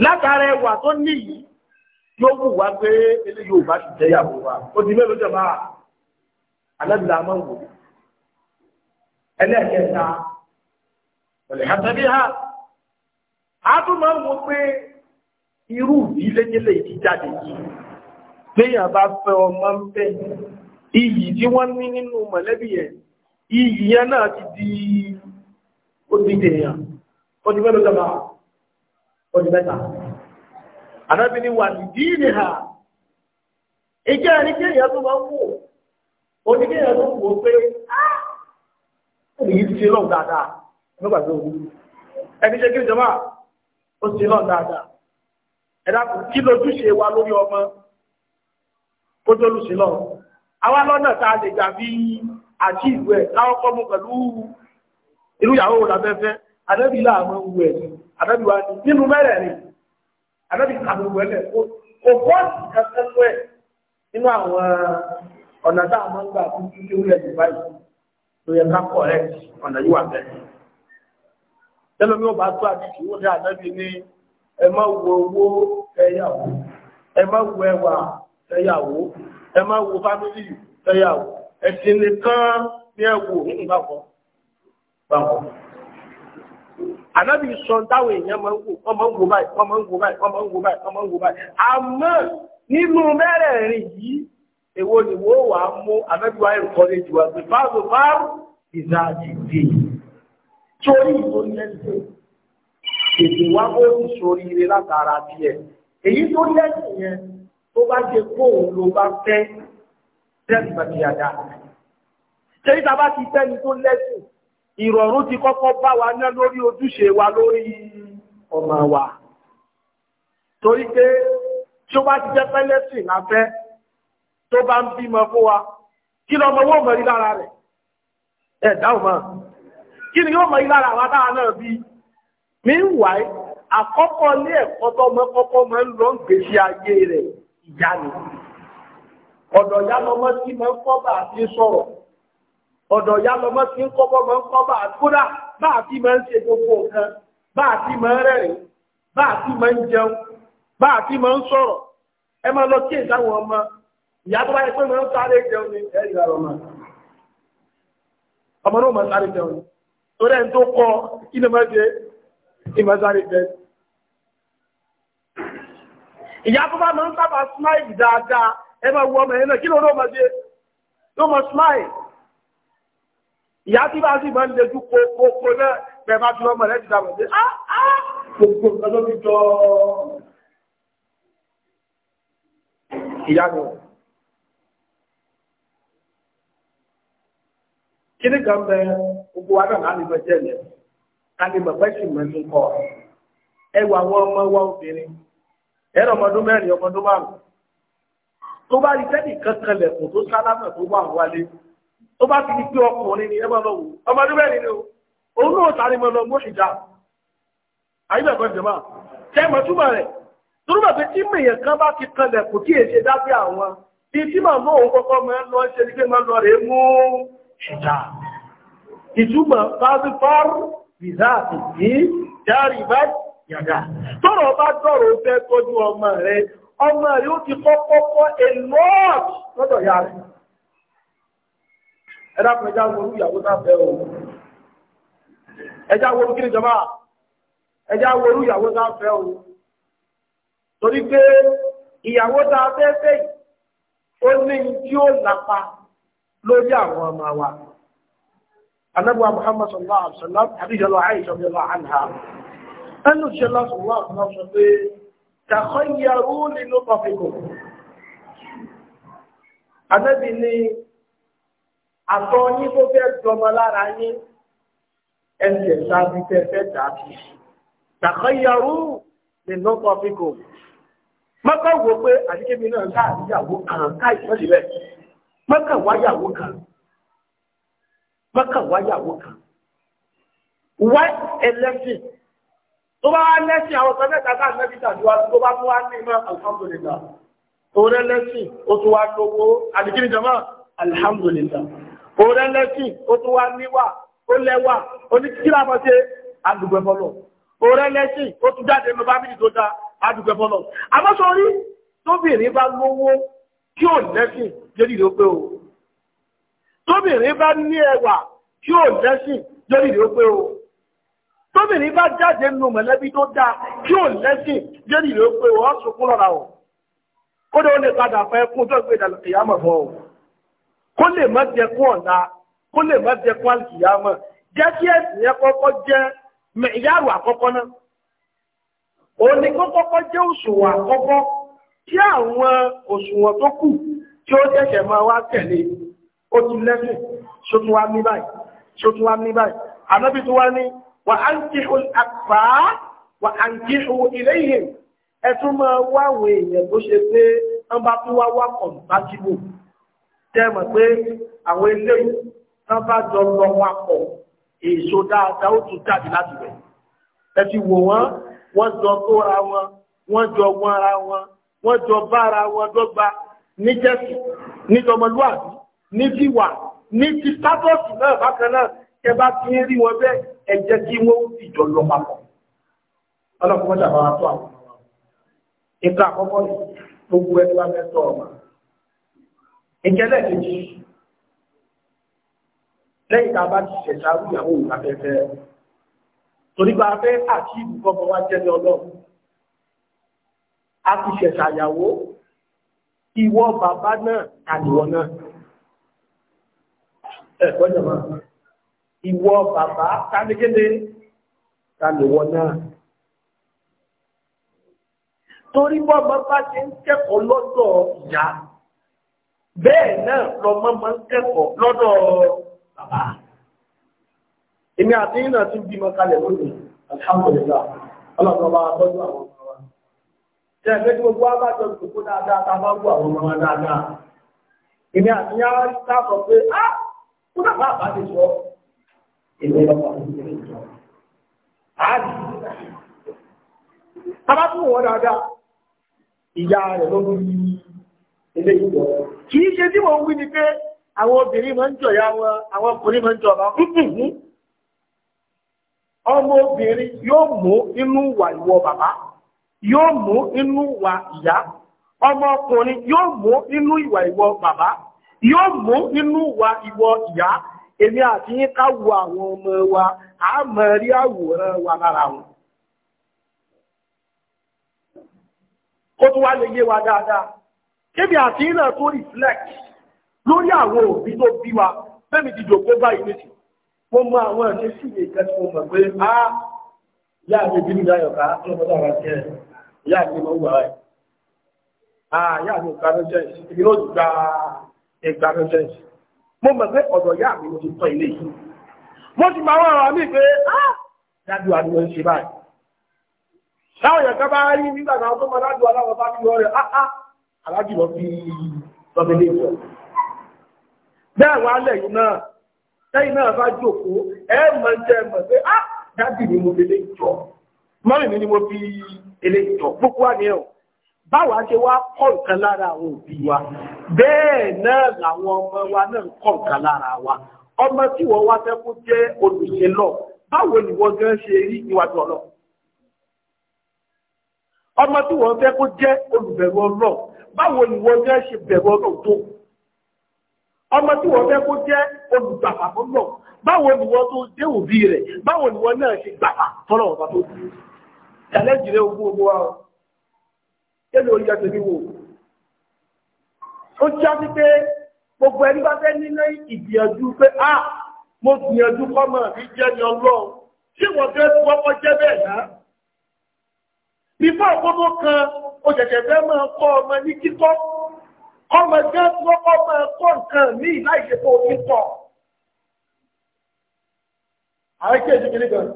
látara ẹwà tó níyì yóò wù wá pé ilé Yorùbá ti jẹyàwó wa ó di mélòó jẹ máa alábìlà máa wò ẹlẹ́ẹ̀kẹta ọ̀lẹ́hàtẹ́bíhà a tún máa ń wo pé irú ìdílé nílé ìdí jáde yìí léèyàn bá fẹ́ ọmọ ń bẹ iyì tí wọ́n ní nínú mọ̀lẹ́bí yẹn iyì náà ti di odidi èèyàn ọdí mẹ́ta arábìnrin ni wà nídí ní ha ìjẹ́ ẹni tí tó máa wò òní èèyàn tó wò pé èyí ah! ti lọ dáadáa ẹni gbàgbé ẹni ṣe kí ni ó ti lọ dáadáa ẹ wa lórí ọmọ kó tó lù sí lọ àwa lọ́nà tá lè àti ìwẹ̀ láwọn kọ́ mú pẹ̀lú irú ìyàwó wò lábẹ́fẹ́ adẹ́bí láàmú wù ẹ̀ adẹ́bí wa ní nínú mẹ́rẹ̀ ni adẹ́bí kàmú wù ẹ̀lẹ̀ kò bọ́ ìkẹsẹ̀ lọ ẹ̀ nínú àwọn ọ̀nà tá a máa ń gbà fún kíkẹ́ orí ẹ̀sìn báyìí ló yẹ ká kọ̀ rẹ̀ ọ̀nà yìí wà bẹ́ẹ̀. tẹ́lómi ò bá tó àdìsí wọ́n dé adẹ́bí ní ẹ má wo owó ẹ̀yàwó ẹ má wo ẹwà ẹ̀yàwó ẹ má wo fámìlì ẹ̀yàwó ẹ̀sìn nìkan ní ẹ̀wò ńgbàkọ̀ gbàkọ̀. Ànábì sọ táwọn èèyàn máa ń wò, wọ́n máa ń wò báyìí, wọ́n máa ń wò báyìí, wọ́n máa ń wò báyìí, wọ́n máa ń wò báyìí. Àmọ́ nínú mẹ́rẹ̀ẹ̀rin yìí, èwo ni wọ́n wà á mú Ànábì wa jù wá pé báwo báwo ìdá àdìdì. Sórí ìwọ ni ẹ ṣe. Èdè wa ó ti sórí ire látara bí ẹ. Èyí tó lẹ́sìn yẹn tó bá ṣe kóòun bá fẹ́ tẹ́lifàtì yàdá. ṣé ìta ti tẹ́ni tó lẹ́sìn ìrọ̀rùn ti kọ́kọ́ bá wa ná lórí ojúṣe wa lórí ọmọ wa. torí pé tí ó bá ti jẹ́ pẹ́lẹ́sìn láfẹ́ tó bá ń bímọ fún wa kí lọ́mọ owó mọ̀ rí lára rẹ̀ ẹ̀ dáhùn mọ́ kí ni yóò mọ̀ rí lára àwọn táwa náà bí meanwhile àkọ́kọ́ ilé ẹ̀kọ́ tó mọ́ kọ́kọ́ mọ́ ń lọ ń gbèsè ayé rẹ̀ ìyá ni. ọ̀dọ̀ ya lọmọ tí mọ ń kọ́ bá àti sọ̀rọ̀ ọ̀dọ̀ ya lọmọ tí ń kọ́ bọ́ mọ ń kọ́ bá àkúrà bá àti mọ ń ṣe gbogbo nǹkan bá àti mọ ń rẹ̀rìn bá àti mọ ń jẹun bá mọ ń sọ̀rọ̀ ẹ máa lọ ìyá tó pé mọ ń sáré jẹun ni ẹ ọmọ ọmọ náà mọ sáré jẹun torí ẹni tó kọ kí ni ṣe ẹ máa wọ ọmọ yẹn náà kí ló náà máa ṣe ló máa smile ìyá tí bá sì máa ń lejú kókó náà bẹ́ẹ̀ bá fi ọmọ rẹ̀ ti dàbọ̀ sí ah, ah! gbogbo nǹkan ló fi jọ ìyá nù. kí ni kan bẹ gbogbo wa náà láti lọ jẹ́ yẹn káni bàbá sì mọ ní kọ ẹ wà àwọn ọmọ wa obìnrin ẹ lọ ọmọdún ọmọdún márùn tó bá rí sẹ́nì kankan lẹ̀kùn tó sálámà tó wà wálé tó bá ti di pé ọkùnrin ni ẹ máa lọ wò ọmọdé bẹ́ẹ̀ ni o òun náà sáré máa lọ mú ìjà àyíbẹ̀kọ́ ìjọba tẹ́ mọ̀ túmọ̀ rẹ̀ torúbà pé tí mèèyàn kan bá ti kan lẹ̀kùn tí èṣe dábẹ́ àwọn bí tí màmú òun kọ́kọ́ máa ń lọ ṣe ni pé máa lọ rèé mú ìjà ìtumọ̀ fásifárù rìzáàtì ní dárí bá yàgà tọ́rọ̀ bá dọ̀rọ̀ fẹ́ tọ́jú ọmọ rẹ̀ ọmọ yóò ti kọ́kọ́ kọ́ a lot lọ́dọ̀ ya rẹ̀. ẹ dákun ẹja wo olú ìyàwó náà fẹ́ o ẹja wo olú kí ni jọba ẹja wo olú ìyàwó náà fẹ́ o torí pé ìyàwó náà fẹ́ fẹ́ yìí ó ní tí ó lápa lórí àwọn ọmọ wa. Anábíwá Muhammad sallallahu alaihi wa sallam àbí Aisha ọmọ ìlú Ẹnu ìṣẹ́lá sallallahu alaihi wa sallam sọ pé tàkọ́yàrú nínú pàfikò anábì ni àtọ̀ yín tó fẹ́ jọmọ lára yín ẹ̀ǹtẹ̀ sáfi fẹ́ fẹ́ dàbí tàkọ́yàrú nínú pàfikò mọ́kà wò pé àdíkébí náà káàdíyàwó kan káì mọ́lì rẹ̀ mọ́kà wáyàwó kan mọ́kà wáyàwó kan wá ẹlẹ́sìn tó bá wá lẹ́sìn àwọn ọ̀sán mẹ́ta tá àmẹ́bí tàdúrà tó bá mú wá ní ìmọ̀ alhamdulillah oore lẹ́sìn ó tún wá lówó àdìgínì jọmọ́ alhamdulillah oore lẹ́sìn ó tún wá níwà ó lẹ́wà ó ní kíkí láàmọ́ ṣe àdùgbẹ̀fọ́lọ̀ oore lẹ́sìn ó tún jáde mọ́ bá mìíràn tó dá àdùgbẹ̀fọ́lọ̀ àmọ́ sọrí tóbìnrin bá lówó kí ò lẹ́sìn lórí ló pé o tóbìnrin bá ní ẹwà kí ò lẹ́sìn lórí ló pé o tóbìnrin bá jáde nínú mọ̀lẹ́bí tó dáa kí ò lẹ́sìn jẹ́rì ló pé wọ́n sunkún lọ́ra o kó lè lè padà fẹ́ kún tó gbé ìdàlù kìyàmọ̀ fún o kó lè má jẹkún ọ̀la kó lè má jẹkún àlùkìyàmọ̀ jẹ́ kí ẹ̀sìn yẹn kọ́kọ́ jẹ́ ìyáàrù àkọ́kọ́ náà òní kó kọ́kọ́ jẹ́ òṣùwọ̀n àkọ́kọ́ tí àwọn òṣùwọ̀n tó kù tí ó jẹ́sẹ̀ máa wá tẹ̀lé ó ti lẹ́sìn ṣó tún wá ní báyìí ṣó tún wá ní báyìí ànábì tún wá ní وأنكحوا الأكفاء وأنكحوا إليهم ẹ tún máa wá àwọn èèyàn tó ṣe pé wọ́n bá tún wá wá compatible tẹ́ mọ̀ pé àwọn eléyìí tán bá jọ lọ wá pọ̀ èso dáadáa ó tún jáde láti rẹ̀ ẹ ti wò wọ́n wọ́n jọ tóra wọn wọ́n jọ wọ́nra wọn wọ́n jọ bára wọn dọ́gba níjẹ́sì níjọmọlúwàbí ní tiwà ní ti sátọ́ọ̀sì náà bákan náà kẹ bá ti ń rí wọn bẹ́ẹ̀ ẹ jẹ́ kí wọ́n fi jọ lọ papọ̀ ọlọ́pàá ṣàbá wa tó àwọn ọmọ ìka àkọ́kọ́ gbogbo ẹni wá mẹ́tọ́ ọ̀mà ìjẹ́lẹ̀ kejì lẹ́yìn tá a bá ti ṣẹ̀ṣà rú ìyàwó ìgbàfẹ́fẹ́ torí bá a fẹ́ àti ìbùkọ́mọ wá jẹ́ ní ọlọ́run a ti ṣẹ̀ṣà ìyàwó ìwọ bàbá náà àdìwọ náà ẹ̀kọ́ jọba ìwọ bàbá kánikíni kálíwọ náà. torí bọ́mọ bá ṣe ń kẹ́kọ̀ọ́ lọ́dọ̀ ìyá bẹ́ẹ̀ náà lọ́mọ máa ń kẹ́kọ̀ọ́ lọ́dọ̀ bàbá. èmi àti yín náà ti bímọ kalẹ̀ lónìí alhamdulillah ọlọ́run ọba àtọ́jú àwọn ọmọ wa. ṣe ẹgbẹ́ tí gbogbo wa bá jọ dùkú dáadáa tá a bá wú àwọn ọmọ wa dáadáa. èmi àti yín á rí sáfọ̀ pé á ah! kúrò bá àbá ti sọ ọ́. ilé lọ́wọ́ àádì tábà kì í ṣe tí wọ́n wí ni pé àwọn obìnrin ń jọ ya wọn àwọn ọkùnrin máa ń jọ ọba ọmọ obìnrin yóò mú inú wà ìwọ bàbá yóò mú inú wà ìyá ọmọ ọkùnrin yóò mú inú ìwà ìwọ bàbá yóò mú inú wà ìwọ ìyá èmi àti yín ká wo àwọn ọmọ wa a mọ̀ rí àwòrán wa lára wọn. ó tún wá lè yé wa dáadáa kébì àti yín náà tó reflect lórí àwọn òbí tó bí wa fẹ́mi ti jòkó báyìí nìtì mo mọ àwọn ẹni sí ìwé ìkẹ́ tí mo mọ̀ pé a yá mi bí mi láyọ̀ ká lọ́mọdé àwọn ẹ̀kẹ́ ìyá mi mọ̀ wà ẹ̀ àyà mi ò gbà nọ́jẹ́sì èmi náà ti gba ìgbà nọ́jẹ́sì mo mọ̀ pé ọ̀dọ̀ ìyá mi mo ti tọ́ ilé yìí mo ti máa wọ́n ara mi pé ah, dájú àdúgbò ń ṣe báyìí láwọn èèyàn kan bá rí nígbà náà tó mọ dájú aláwọ̀ bá fi rọrẹ̀ áá ah, ah, aláàjì lọ fi lọ́bẹ̀ lè wọ̀ bẹ́ẹ̀ wá lẹ́yìn náà lẹ́yìn náà bá jókòó ẹ mọ̀ ń jẹ́ mọ̀ pé á dájú ni mo fi lè jọ mọ́rin ni mo fi lè jọ gbogbo àníyàn báwa ṣe wá kọ́ nǹkan lára àwọn òbí wa bẹ́ẹ̀ náà làwọn ọmọ wa náà kọ́ nǹkan lára wa ọmọ tí wọ́n wá fẹ́ kó jẹ́ olùṣe lọ báwo ni wọ́n gan ṣe rí níwájú ọlọ́ ọmọ tí wọ́n fẹ́ kó jẹ́ olùbẹ̀rù ọlọ́ báwo ni wọ́n gan ṣe bẹ̀rù ọlọ́ tó ọmọ tí wọ́n fẹ́ kó jẹ́ olùgbàfà fọlọ́ báwo ni wọ́n tó dé òbí rẹ̀ báwo ni wọ́n náà ṣe gbàfà fọlọ́ ọ̀bà tó dé kéde orí ọ̀sẹ̀ mi wò. ó já sí pé gbogbo ẹni bá fẹ́ nílé ìgbìyànjú pé a mo gbìyànjú kọ́mọ mi jẹ́ ní ọlọ́run ṣé wọ́n fẹ́ wọ́pọ̀ jẹ́ bẹ́ẹ̀ náà. bífọ́ àkókò kan ó ṣẹ̀ṣẹ̀ fẹ́ máa kọ́ ọmọ ní kíkọ́ ọmọ jẹ́ lọ́kọ́ máa kọ́ nǹkan ní ìláìṣe tó ní pọ̀. àwọn kéèjì kìnnìkan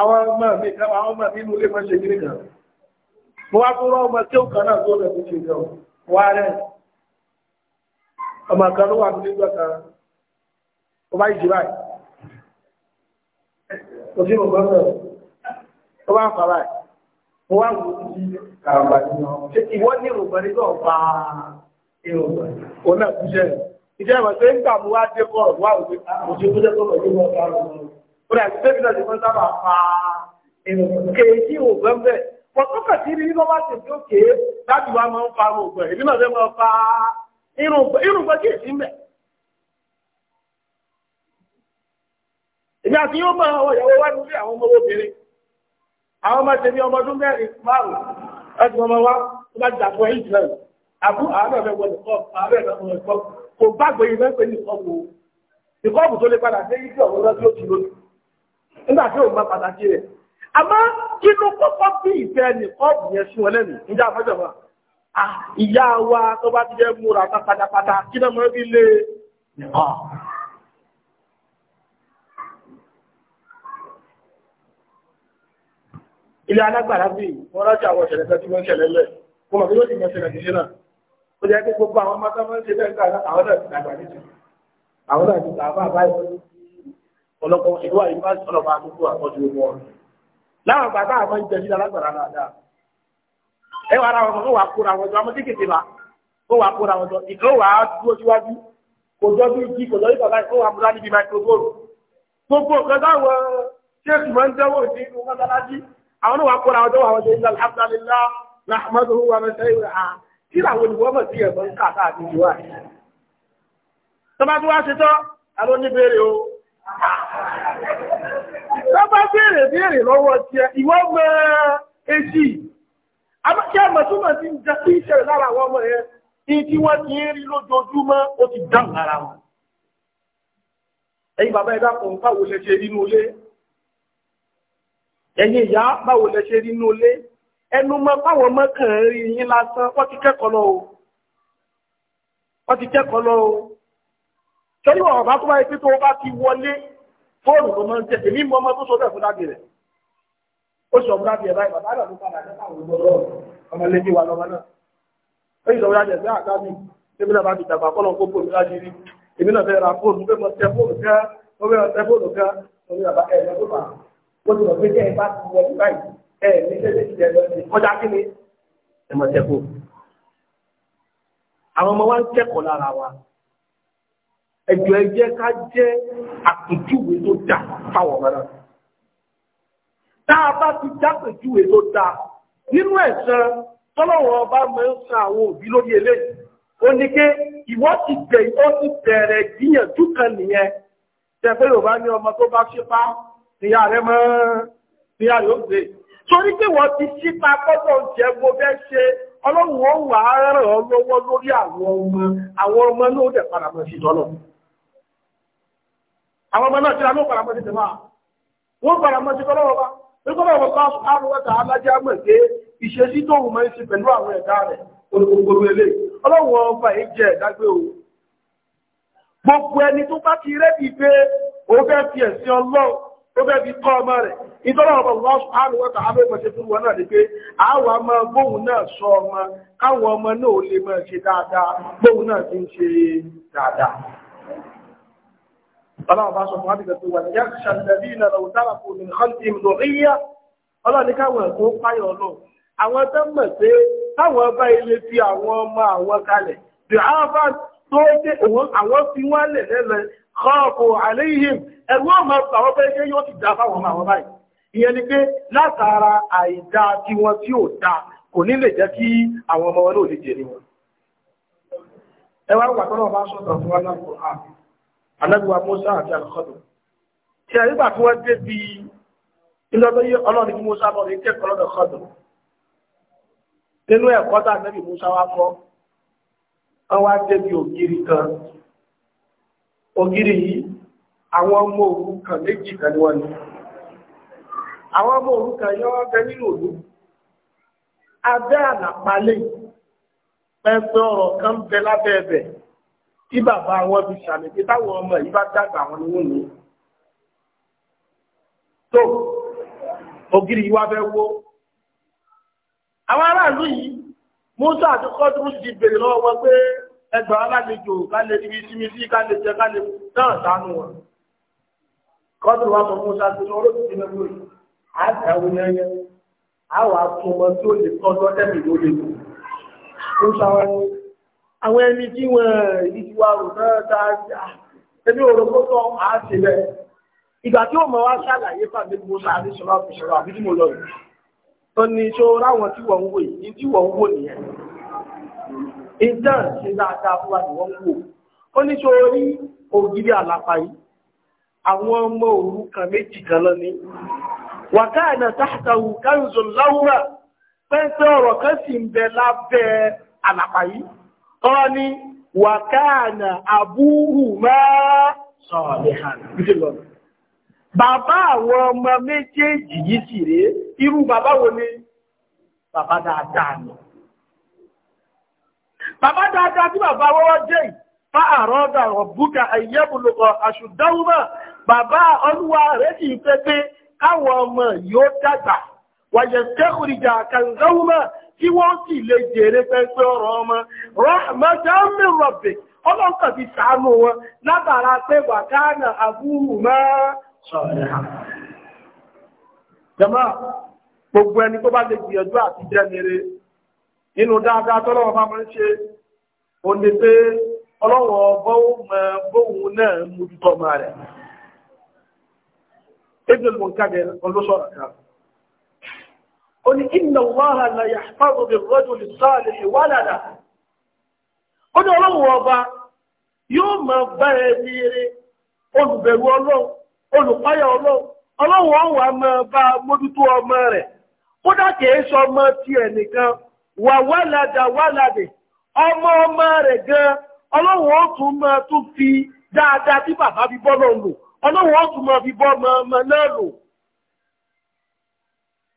àwọn ọmọ mi kan àwọn ọmọ mi inú ilé máa ń ṣe kìnnìkan. mo wá fún ọmọ tí ó kàn náà ụwa lẹ̀ tó ṣe jọ wá rẹ̀ ọmọ ụwa. ló wà nílé gbọ́ta ó bá yìí báyìí kò sí ọgbọ́n náà ó bá fà báyìí mo wá wò ó sí kàrọ̀bà nínú ìwọ ní ìrògbọ̀n nígbà ọ̀pá ìrògbọ̀n òun náà kú sẹ́yìn ìjẹ́ ìwọ̀n tó ń gbà mú pọ̀tún kà sí ní lọ́wọ́ àti ìdí òkè láti wá máa ń fa irun ògbọ̀n èmi náà fẹ́ máa fa irun ògbọ̀n kì í sí mẹ́. èmi àti yóò máa wọ ìyàwó wá nílé àwọn ọmọ obìnrin àwọn ọmọ tèmi ọmọ ọdún mẹ́rin márùn-ún láti wọ́n máa wá tó bá dàpọ̀ ẹ̀yìn jù náà àbú àárọ̀ rẹ̀ wọlé kọ́ àárọ̀ rẹ̀ wọlé kọ́ kò bá gbèyí mẹ́pẹ́ ní ìkọ́bù ìkọ́bù tó lè padà dé ibi ọ̀rọ̀ náà tí ó ti lónìí nígbà àmọ́ inú kọ́kọ́ bí ìfẹ́ nìkan yẹn sún ọ lẹ́nu níjà fẹ́jọ̀ wa ìyá wa tó bá ti jẹ́ múra ká pátápátá kí náà mọ́ bí lé nìkan. ilé alágbàrá bí wọ́n rájọ àwọn ìṣẹ̀lẹ̀ kan tí wọ́n ń ṣẹlẹ̀ lẹ̀ mo mọ̀ pé yóò ti mọ̀ ṣẹlẹ̀ kìí ṣe náà ó jẹ́ pé gbogbo àwọn ọmọ tó máa ń ṣe lẹ́yìn náà àwọn náà ti dàgbà níjù àwọn náà ti láwọn bàbá àwọn ìjẹ̀sí alágbára dáadáa ẹ wà ara wọn kó wàá kóra wọn jọ àwọn kékeré wa kó wàá kóra wọn jọ ìkan wàá dúró síwájú kò jọ bí igi kò jọ bí bàbá kó wàá múra níbi microphone gbogbo nǹkan táwọn ṣéèkì máa ń dánwò sí inú mọ́sálásí àwọn náà wàá kóra wọn jọ àwọn ṣe alhamdulillah nahmaduhu wa nasta'inu kí wa. tọ́ba tó wá ṣe tán àlọ́ níbèrè tó bá béèrè béèrè lọ́wọ́ ti ẹ ìwọ mọ èsì abájá àmọ̀túnmọ̀ ti ń jẹ sí ìṣẹ̀lẹ̀ lára àwọn ọmọ yẹn ní tí wọ́n ti ń rí lójoojúmọ́ ó ti dáhùn lára wọn ẹ̀yin bàbá ẹ̀dá kan báwo lẹ ṣe rí nínú ilé ẹ̀yin ìyá báwo lẹ ṣe rí nínú ilé ẹnu mọ báwọn ọmọ kan rí yín lásán wọ́n ti kẹ́kọ̀ọ́ lọ o wọ́n ti kẹ́kọ̀ọ́ lọ o torí wọn bàbá tó wọlé fóònù ló máa ń tẹ̀ èmi mọ ọmọ tó sọ bẹ́ẹ̀ fún dábì rẹ̀ ó sọ fún dábì rẹ̀ báyìí bàbá rẹ̀ ló padà dé káwọn gbọdọ̀ ọmọ lẹ́bí wa lọ́mọ náà ó yìí lọ́wọ́ yájẹ̀ sí àkáàmì tẹ́bí náà bá ti dàgbà kọ́lọ̀ kó fóònù láti rí èmi náà fẹ́ ra fóònù pé mo tẹ fóònù ká mo fẹ́ tẹ fóònù ká mo fẹ́ bàbá ẹ̀ lọ́tọ̀ bá mo ti rọ̀ pé tẹ́ ẹ bá ti wọ báyìí ẹ̀ ní ẹjọ́ ẹjẹ́ ká jẹ́ àpèjúwe tó dà fáwọn ọ̀rọ̀ tá a bá ti dápèjúwe tó dà nínú ẹ̀sán tọ́lọ́wọ́ ọba máa ń san àwọn òbí lórí eléyìí ó ní pé ìwọ ti bẹ̀ ìwọ ti bẹ̀rẹ̀ gbìyànjú kan nìyẹn tẹ̀fẹ́ yorùbá ní ọmọ tó bá ṣípá níyà rẹ mọ́ níyà yóò ṣe torí pé wọ́n ti ṣípa gbọ́dọ̀ jẹ́ mo fẹ́ ṣe ọlọ́run ó wà á ràn ọ́ lọ́wọ́ lórí àwọn ọmọ àwọn ọmọ náà ó dẹ̀ padà mọ̀ sí tọ́lọ̀ àwọn ọmọ náà ti ra ló padà mọ́ sí tẹ̀lá wọ́n padà mọ́ sí tọ́lọ́wọ́ bá nígbàlá wọn bá àrùn wẹ́ta alájá mọ̀ pé ìṣesí tó wù mọ́ sí pẹ̀lú àwọn ẹ̀dá rẹ̀ olùkókòrò ilé ọlọ́wọ́ ọba yìí jẹ́ ẹ̀dágbé o gbogbo ẹni tó bá ti rẹ́bi pé ó fẹ́ fi ẹ̀sìn ọlọ́run ó fẹ́ fi kọ́ ọmọ rẹ̀ ìtọ́lá ọba wọn wẹ́ta abẹ́gbẹ̀ṣe fún ọlọ́run bá sọ fún ábìgẹ̀ tó wà ní yàkṣà lẹ́bí ìlànà òtara kò ní kọ́ńtìm lóríyá ọlọ́run ní káwọn ẹ̀kọ́ páyọ̀ ọlọ́run àwọn tó mọ̀ pé táwọn ọba ilé fi àwọn ọmọ àwọn kalẹ̀ bí áfà tó dé àwọn fi wọ́n lẹ̀ lẹ́lẹ̀ kọ́ọ̀kù àléhìm ẹ̀rú ọmọ àwọn fẹ́ ṣe yóò ti dá fáwọn ọmọ àwọn báyìí ìyẹn ni pé látara àìdá tí wọ́n tí ò dá kò ní lè jẹ́ kí àwọn ọmọ wọn náà lè jẹ́ ni wọn. ẹ wá wà tọ́lọ́ bá sọ̀tọ̀ fún wa láàbò ààbò alágbèwà Musa àti alùkọ́dù tí a nígbà tí wọ́n dé bí ilọ́dọ́yé ọlọ́run kí Musa lọ rí kẹ́kọ̀ọ́ lọ́dọ̀ kọ́dù nínú ẹ̀kọ́ tá ànábì Musa wá kọ́ wọ́n wá dé bí ògiri kan ògiri yìí àwọn ọmọ òru kan méjì kan ni wọ́n ní àwọn ọmọ òru kan yọ ọbẹ nínú òru abẹ́ àlàpalẹ̀ pẹpẹ ọ̀rọ̀ kan bẹ lábẹ́ ẹbẹ̀ tí bàbá wọn fi ṣàmì pé táwọn ọmọ yìí bá dàgbà wọn ni wọ́n ní. tó ògiri yìí wá fẹ́ wó. àwọn aráàlú yìí Musa àti kọ́dúrú ti bèrè lọ́wọ́ wọn pé ẹgbàá alálejò ká lè níbi sinmi sí ká lè jẹ ká lè náà sánú wọn. kọ́dúrú wa sọ Musa tó ní olóòtú ti lọ́wọ́ yìí àtàwọn ẹyẹ àwọn àtúmọ̀ tó lè tọ́jọ́ tẹ́mì lórí. Musa wa ní àwọn ẹni tí wọ́n rí ti wá rò náà tá a ah, ẹbí òrò kótó àá ti rẹ̀ ìgbà tí ó mọ̀ wá ṣàlàyé fàbí mo sáré sọ́rọ̀ àfẹ́sọ́rọ̀ àbí tí mo lọ rí wa ni wọ́n ń wò ó ní ṣó rí ògiri àlàpà yìí àwọn ọmọ òrukàn méjì kan lọ ní wàkáànà táàtàwù kanzul láwùrà pẹ́ńtẹ́ ọ̀rọ̀ kan sì ń bẹ lábẹ́ àlàpà yìí ọ ní wàkáànà àbúrù máa sọ̀rọ̀lẹ̀hàn bàbá àwọn ọmọ méjèèjì yìí sì rèé irú bàbá wo ni bàbá dáadáa nù bàbá dáadáa tí bàbá wọ́wọ́ jẹ́ fa àrọ́dà ọ̀bùkà ẹ̀yẹ́bùlùkọ̀ àṣùdáwùmá bàbá olúwa rẹ̀ sì fẹ́ káwọn ọmọ yóò dàgbà wàyẹ̀ tẹ́kùrìjà kàǹgáwùmá kí wọ́n sì lè jèrè pẹ́pẹ́ ọ̀rọ̀ ọmọ rọ́mọ́tẹ́ mi rọ̀bì ọlọ́kàn ti sàánú wọn látara pé wàkánà àbúrù mọ́ sọ̀rọ̀ jẹ́mọ́ gbogbo ẹni tó bá lè gbìyànjú àti jẹ́mire nínú dáadáa tọ́lọ́wọ́ bá máa ń ṣe ó ní pé ọlọ́wọ́ bóun náà mójútọ́ ọmọ rẹ̀ Ibn al-Munkadir ọlọ́sọ̀rọ̀ kan ó ní inna Allaha la yahfazu lirrajuli salihi walada ó ní ọlọ́run ọba yóò máa bá ẹni eré olùbẹ̀rù ọlọ́run olùpáyà ọlọ́run ọlọ́run ọ̀wà máa bá mójútó ọmọ rẹ̀ kódà kìí sọ ọmọ tiẹ̀ nìkan wà wálàdà wálàdè ọmọ rẹ̀ gan ọlọ́run ó tún máa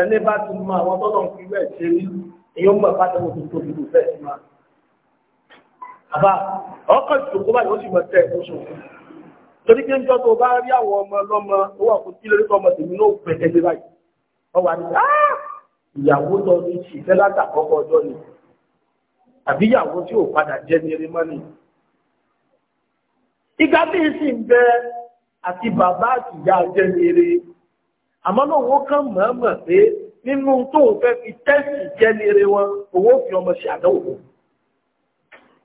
ẹni bá ti mọ àwọn tọ́lọ̀ ń fi rẹ̀ ṣe rí èyí ń gbà pátá wo tó tóbi ló fẹ́ sí máa. àbá ọkọ̀ ìṣòkó báyìí ó sì mọ̀ tẹ́ ẹ̀kọ́ ṣòkó. torí pé níjọ́ tó bá rí àwọn ọmọ lọ́mọ ó wà fún kí lórí ọmọ tèmi náà pẹ̀tẹ́ dé báyìí. wọ́n wà ní ah! ìyàwó lọ ní ìṣìṣẹ́ látàkọ́kọ́ ọjọ́ ni àbí ìyàwó tí ò padà jẹ́ ní eré mọ́nì. ìgbà tí ì sì bẹ àti bàbá àtìyá jẹ́ ní eré àmọ́ náà wọ́n kàn mọ̀ọ́mọ̀ pé nínú tó o fẹ́ fi tẹ́sì jẹ́lére wọn owó fi ọmọ ṣe àdánwò fún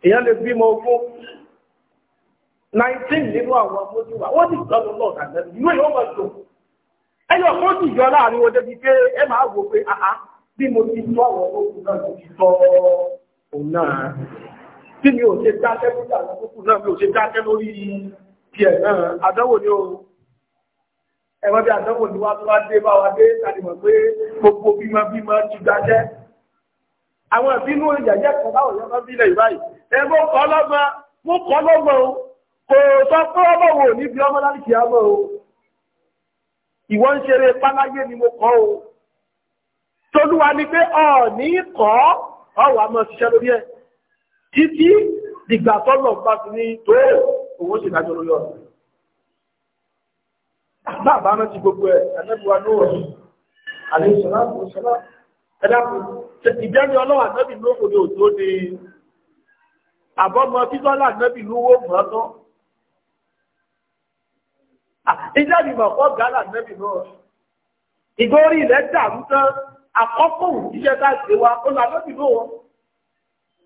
èèyàn lè bímọ fún nineteen nínú àwọn amójúwà wọ́n ti gbọ́ lọ lọ́ọ̀dà lẹ́nu ìlú èèyàn máa dùn ẹyọ kan ti yọ láàrin wọn débi pé ẹ máa wò pé àá bí mo ti tọ́ àwọn olókùn náà mo ti tọ́ òun náà tí mi ò ṣe dákẹ́ lórí àwọn olókùn náà mi ò ṣe dákẹ́ lórí tiẹ̀ náà àdánwò ni o ẹ̀wọ́n bí àdánwò ní wá tó wá dé bá wa dé tàbímọ̀ pé gbogbo bímọ bímọ ti gbàjẹ́. àwọn ìbínú ìyàjẹ́ kan báwọn yẹn máa ń bílẹ̀ ìbáyìí ẹ mọ kọ́ lọ́mọ mọ kọ́ lọ́mọ o kò sọ pé ọmọ wò ní bí ọmọ láti kì ọmọ o ìwọ ń ṣeré páláyé ni mo kọ́ o tolúwa ni pé ọ̀ọ́nì kọ́ ọ̀wà máa ṣiṣẹ́ lórí ẹ̀ títí dìgbà tọ́lọ̀ bá ti ní tó òun ṣèdájọ́ lórí ọ̀rọ̀ bàbá rántí gbogbo ẹ̀ ẹ̀nẹ́bùwa lóòrùn àlẹ́sọ̀láàbù sọ́lá ẹ̀dàkùn ìjẹ́ni ọlọ́wà nẹ́bì lóòrùn ni òjò ni àbọ́mọ títọ́lá nẹ́bì lówó mọ́tọ́ ìjẹ́ni mọ̀kọ́ gálà nẹ́bì náà ìgbórí ilẹ̀ dàrú tán àkọ́kọ́ òjíṣẹ́ láti wa ó la nẹ́bì lówó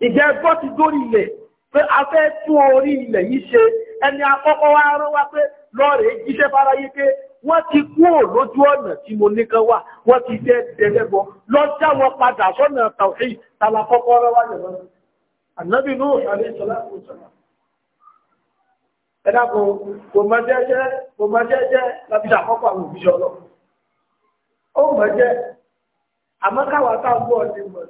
ìjẹ́ ẹgbọ́ ti dórí ilẹ̀ pé a fẹ́ tún orí ilẹ̀ yìí ṣe ẹni àkọ́kọ́ wa rán wa pé lọ́rẹ̀ẹ́ jíṣẹ́ fáráyé pé wọ́n ti kúrò lójú ọ̀nà tí mo ní kan wà wọ́n ti jẹ́ dẹlẹ́bọ lọ́jà wọn padà sọ́nà tàwí tàlà kọ́kọ́ rẹ wá lẹ́wọ́n ànábì nù àlẹ́ sọlá kò sọlá. ẹ dákun kò mọ jẹ́jẹ́ kò mọ jẹ́jẹ́ lábíjà kọ́kọ́ àwọn òbí sọlọ. ó mọ jẹ́ àmọ́ káwa táwọn bọ̀ ti mọ̀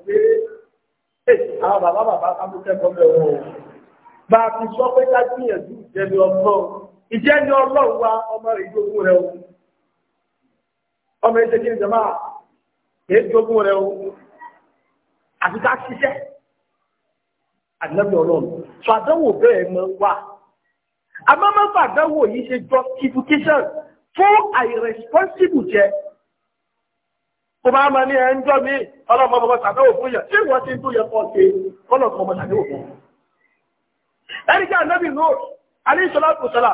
bá ti sọ pé ká gbìyànjú ìjẹ́bi ọgbọ́n ìjẹ́ ní ọlọ́run wa ọmọ ìjogún rẹ̀ ohun ọmọ ìjẹ́ kí ní jẹmá ìjogún rẹ̀ ohun àti ká ṣiṣẹ́ àdínlẹ́bí ọlọ́run tó àdánwò bẹ́ẹ̀ mọ́ wà amámọ́fà àdánwò yìí ṣe justification fún àìrẹ́sponsible jẹ́ kó bá máa ní ẹjọ́ mi ọlọ́mọ ọmọ ṣàdánwò fún yẹn ṣé ìwọ́n ti ń tó yẹ kọ́ ṣe ọlọ́mọ ọmọ ṣàdánwò fún ẹni jẹ́ ànábì alẹ́ ìṣọ́lá kò sọ́lá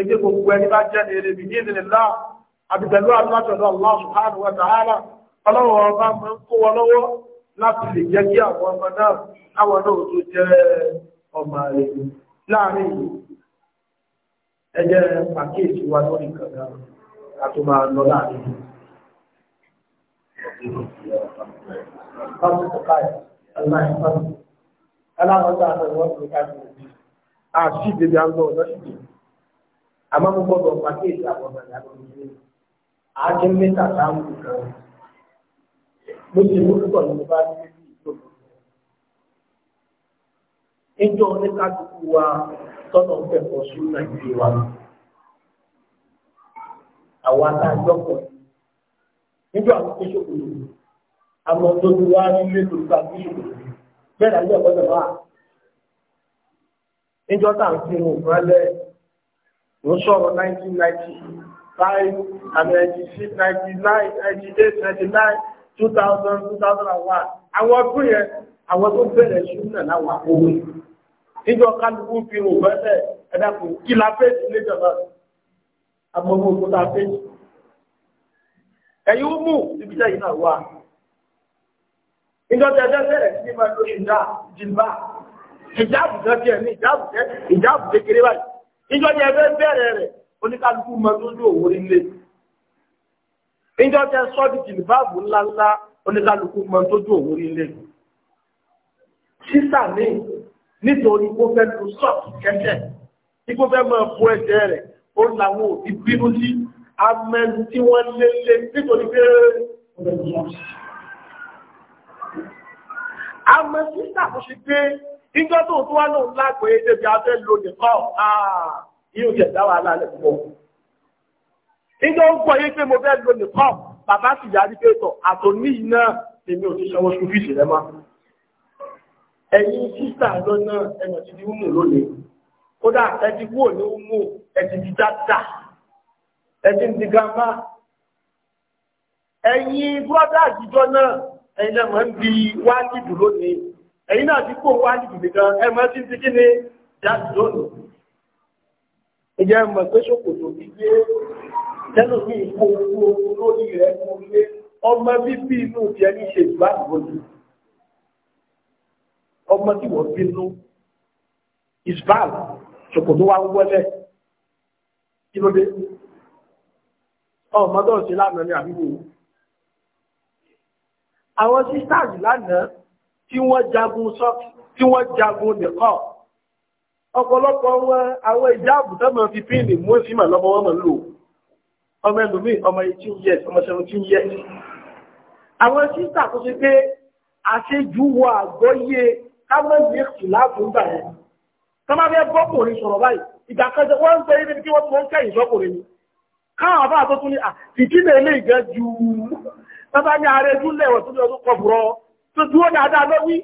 ṣègbè gbogbo ẹni bá jẹ́ ní eré ní ìdílé náà pẹ̀lú àtúntò Allah subhanahu ọlọ́wọ́ ọba máa ń kó wọn lọ́wọ́ láti lè jẹ́ kí àwọn ọmọ náà náà tó jẹ́ ọmọ rẹ̀ láàrin pàkíyèsí wa lórí àti máa lọ láàrin àtàwọn ọ̀dọ́ àmọ́ mo gbọ́dọ̀ pàkíyèsí àwọn ọmọ ìyá lórí ilé àájẹ́ mẹ́ta sáàmù kan mo ti mú púpọ̀ ní bá ní bí ìjọba ìjọ oníkàdùkú wa tọ́nà ń fẹ̀kọ́ sí nàìjíríà wa àwọn adájọ́pọ̀ níjọ́ àwọn tó ṣòkòlò àmọ́ tó ti wá nílé tó gbà tó ṣòkòlò bẹ́ẹ̀ ni àjọ ọ̀gbọ́dọ̀ wà ìjọ tá à ń fi hàn fún alẹ́ mo sọ̀rọ̀ 1995 àmì 96 99 98 99 2000 2001 àwọn ọdún yẹn àwọn tó bẹ̀rẹ̀ ṣúnà láwọn òwe níjọ kálukú fi hàn bẹ́ẹ̀ ẹ̀dàkùn kí la fèsì níjọba agbọ̀nmọ́ òkúta fèsì ẹ̀yìn ó mú ibi tẹ́yì náà wà níjọ tẹ́jẹ́ bẹ̀rẹ̀ sí ní máa lo ìjà jìlbà ìjáàbù tẹ́jẹ́ ní ìjáàbù tẹ́jẹ́ ìjáàbù kékeré báyìí ìjọ tẹ fẹ́ bẹ̀rẹ̀ rẹ̀ oníkálukú mọ tó ní òwò nílé ìjọ tẹ sọ́ọ̀dì jìlìbáàbù ńláńlá oníkálukú mọ tó ní òwò nílé sísà mi nítorí kó fẹ́ lu sọ́ọ̀tù kẹ́kẹ́ tí kó fẹ́ máa bo ẹsẹ̀ rẹ̀ ó làwọn òbí bínú sí amẹnu tí wọ́n lé lé nítorí pé amẹ sísà kò sí pé ìjọ tó tó wá lóun lágbo èdè bí abẹ́ lò nìkan ah, yóò jẹ̀ dá wàhálà lẹ̀ pọ̀. ìjọ ń pọ̀ yìí pé mo fẹ́ lò nìkan bàbá sì yarí pé tọ̀ àtòní yìí náà èmi ò ti sanwó sukùl fíìsì rẹ mọ́. ẹ̀yin sísà lọ́nà ẹ̀yàn ti di wúmù lónìí kódà ẹ ti wò ní wúmù ẹ ti di dáadáa ẹ ti di gàmá ẹ̀yin búrọ́dà àtijọ́ náà ẹ̀yin lẹ́mọ̀ ń bi wájú dúró nìyí ẹ̀yìn náà ti kó wá nìgbì kan ẹmọ tí ti kí ni jáàdùdọ́nù ìjẹ́ ẹmọ pé ṣòkòtò gbígbé tẹ́lùmí ìkó owó lórí rẹ̀ mú ilé ọmọ bíbí inú ti ẹni ṣe ìgbàgbọ́ ni ọmọ tí wọ́n bínú isbal ṣòkòtò wa ń wọlé kí ló dé ọmọdé ọ̀sẹ̀ lánàá ní àbíwò àwọn sisters lánàá tí wọ́n jagun sọ́ọ̀kì tí wọ́n jagun nìkọ́ ọ̀pọ̀lọpọ̀ wọn àwọn ìjáàbù tó máa fi píìnì mú sí mà lọ́mọ wọn máa lò ọmọ ẹlòmíì ọmọ eighteen years ọmọ seventeen years àwọn sísà tó ṣe pé àṣejù wọ àgbọ́yé kámẹ́lì èkì láàbù gbà ni káwọn àbá àtọ́tún ni fìtí lè lè gan ju bàbá ní ààrẹ júlẹ̀ wọ̀ tó ní ọdún tó dúró dáadáa ló wí.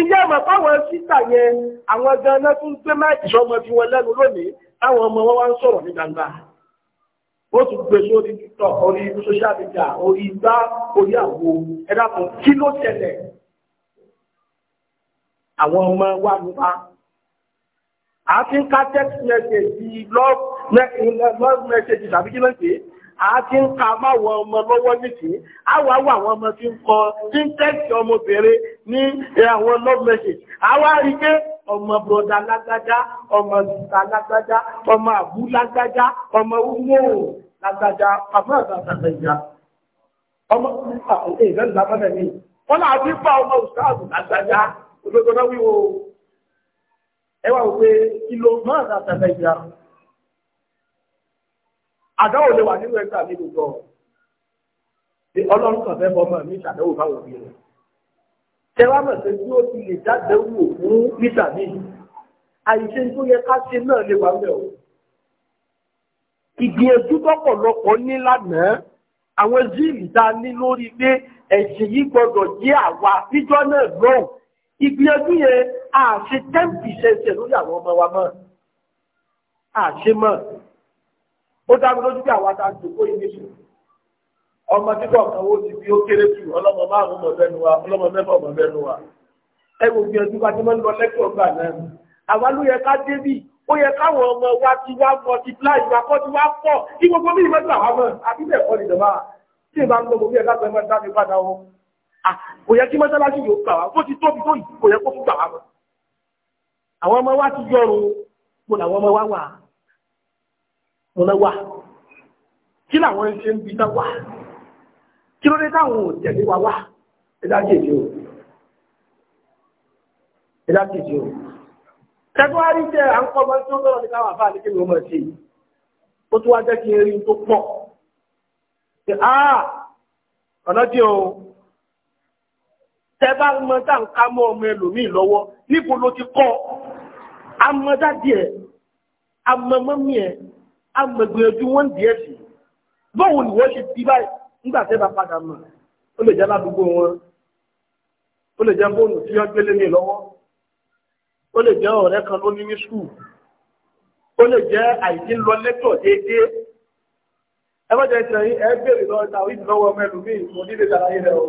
Ìjẹ́ ìmọ̀ fáwọn sísà yẹn àwọn gan-an tún gbé máìkì sọmọ tí wọ́n lẹ́nu lónìí táwọn ọmọ wọn wá ń sọ̀rọ̀ ní gbangba. Ó tún gbé sórí TikTok, orí social media, orí igbá, orí àwo, ẹ dákun kí ló ṣẹlẹ̀? Àwọn ọmọ wa ní wa. Àfi ń ká text message love message tàbí kí ló ń pè é a ti ń ka máwọn ọmọ lọ́wọ́ nìkí a wá wà àwọn ọmọ tí ń kọ tí ń tẹ́kì ọmọbìnrin ní àwọn love message a wá rí pé ọmọ broda lágbájá ọmọ sista lágbájá ọmọ àbú lágbájá ọmọ umo lágbájá àmọ́ àgbàgbà ìjà ọmọ ìrẹ́lẹ̀ lábẹ́rẹ́ mi wọ́n náà ti bá ọmọ ìsáàbù lágbájá òdodo náà wíwo ẹwà òwe kìlọ̀ mọ́ àgbàgbà ìjà àdáwò lè wà nínú ẹgbẹ́ mi gbogbo ọ̀ ọlọ́run kan fẹ́ bọ́mọ mi ṣàdáwò báwo bí rẹ̀ tẹwàá mọ̀ pé bí ó ti lè jáde wò fún mítà mi àìṣe tó yẹ ká ṣe náà lè wà mẹ́ o ìgbìyànjú tọ́pọ̀lọpọ̀ ní lánàá àwọn zíìlì tá a ní lórí pé ẹ̀sìn yìí gbọ́dọ̀ jẹ́ àwa níjọ́ náà lọ́hùn ìgbìyànjú yẹn àṣe ten percent lórí àwọn ọmọ wa mọ́ àṣe mọ́ ó dámi lójú bí àwọn àtàkùn tó kó yìí níṣẹ́ ọmọ kíkọ kan ó ti fi ó kéré jù ọlọ́mọ márùn-ún mọ̀ bẹ́nu wa ọlọ́mọ mẹ́fà mọ̀ bẹ́nu wa ẹ wò gbìyànjú bá ti máa ń lọ lẹ́kọ̀ọ́ gbà náà àwa ló yẹ ká débì ó yẹ káwọn ọmọ wa ti wá multiply ìwà kọ́ ti wá pọ̀ kí gbogbo mi ìmọ̀jú àwọn ọmọ àbí bẹ́ẹ̀ kọ́ nìjọba tí ìbá ń lọ gbogbo yẹ láti ẹmọ dá mi padà wọn kò yẹ kí mọ́sálásí yóò gbà wá bó ti tóbi tó yìí kò yẹ kó tún gbà wá mọ́ àwọn ọmọ wa ti yọrùn mo làwọn ọmọ wa wà á wọn náà wà kí làwọn ṣe ń bi náà wà kí ló dé táwọn ò tẹ̀lé wa wà ẹ̀dá kejì o ẹ̀dá kejì o tẹ́gbọ́n jẹ́ à ń kọ́gbọ́n tí ó lọ́rọ̀ ní káwà fáà ní kí ni ó mọ̀ sí ó tún wá jẹ́ kí n rí tó pọ̀ ṣe á ọ̀nà tí o tẹ́ bá mọ tá nǹka mọ́ ọmọ ẹlòmíì lọ́wọ́ níbo ló ti kọ́ amọ́dádì ẹ̀ amọ́mọ́mí ẹ̀ agbègbèjú wọn díẹ̀ sí báwo ni wọ́n ṣe ti báyìí nígbà tẹ́ bá padà mọ̀ ó lè jẹ́ ládùúgbò wọn ó lè jẹ́ bóònù tí wọ́n gbélé mi lọ́wọ́ ó lè jẹ́ ọ̀rẹ́ kan ló ní ní skul ó lè jẹ́ àìsí lọ lẹ́tọ̀ déédéé ẹ bá jẹ́ ìtàn yín ẹ béèrè lọ́wọ́ ta ìdí lọ́wọ́ ọmọ ẹlòmíì mo nílé ṣàlàyé rẹ o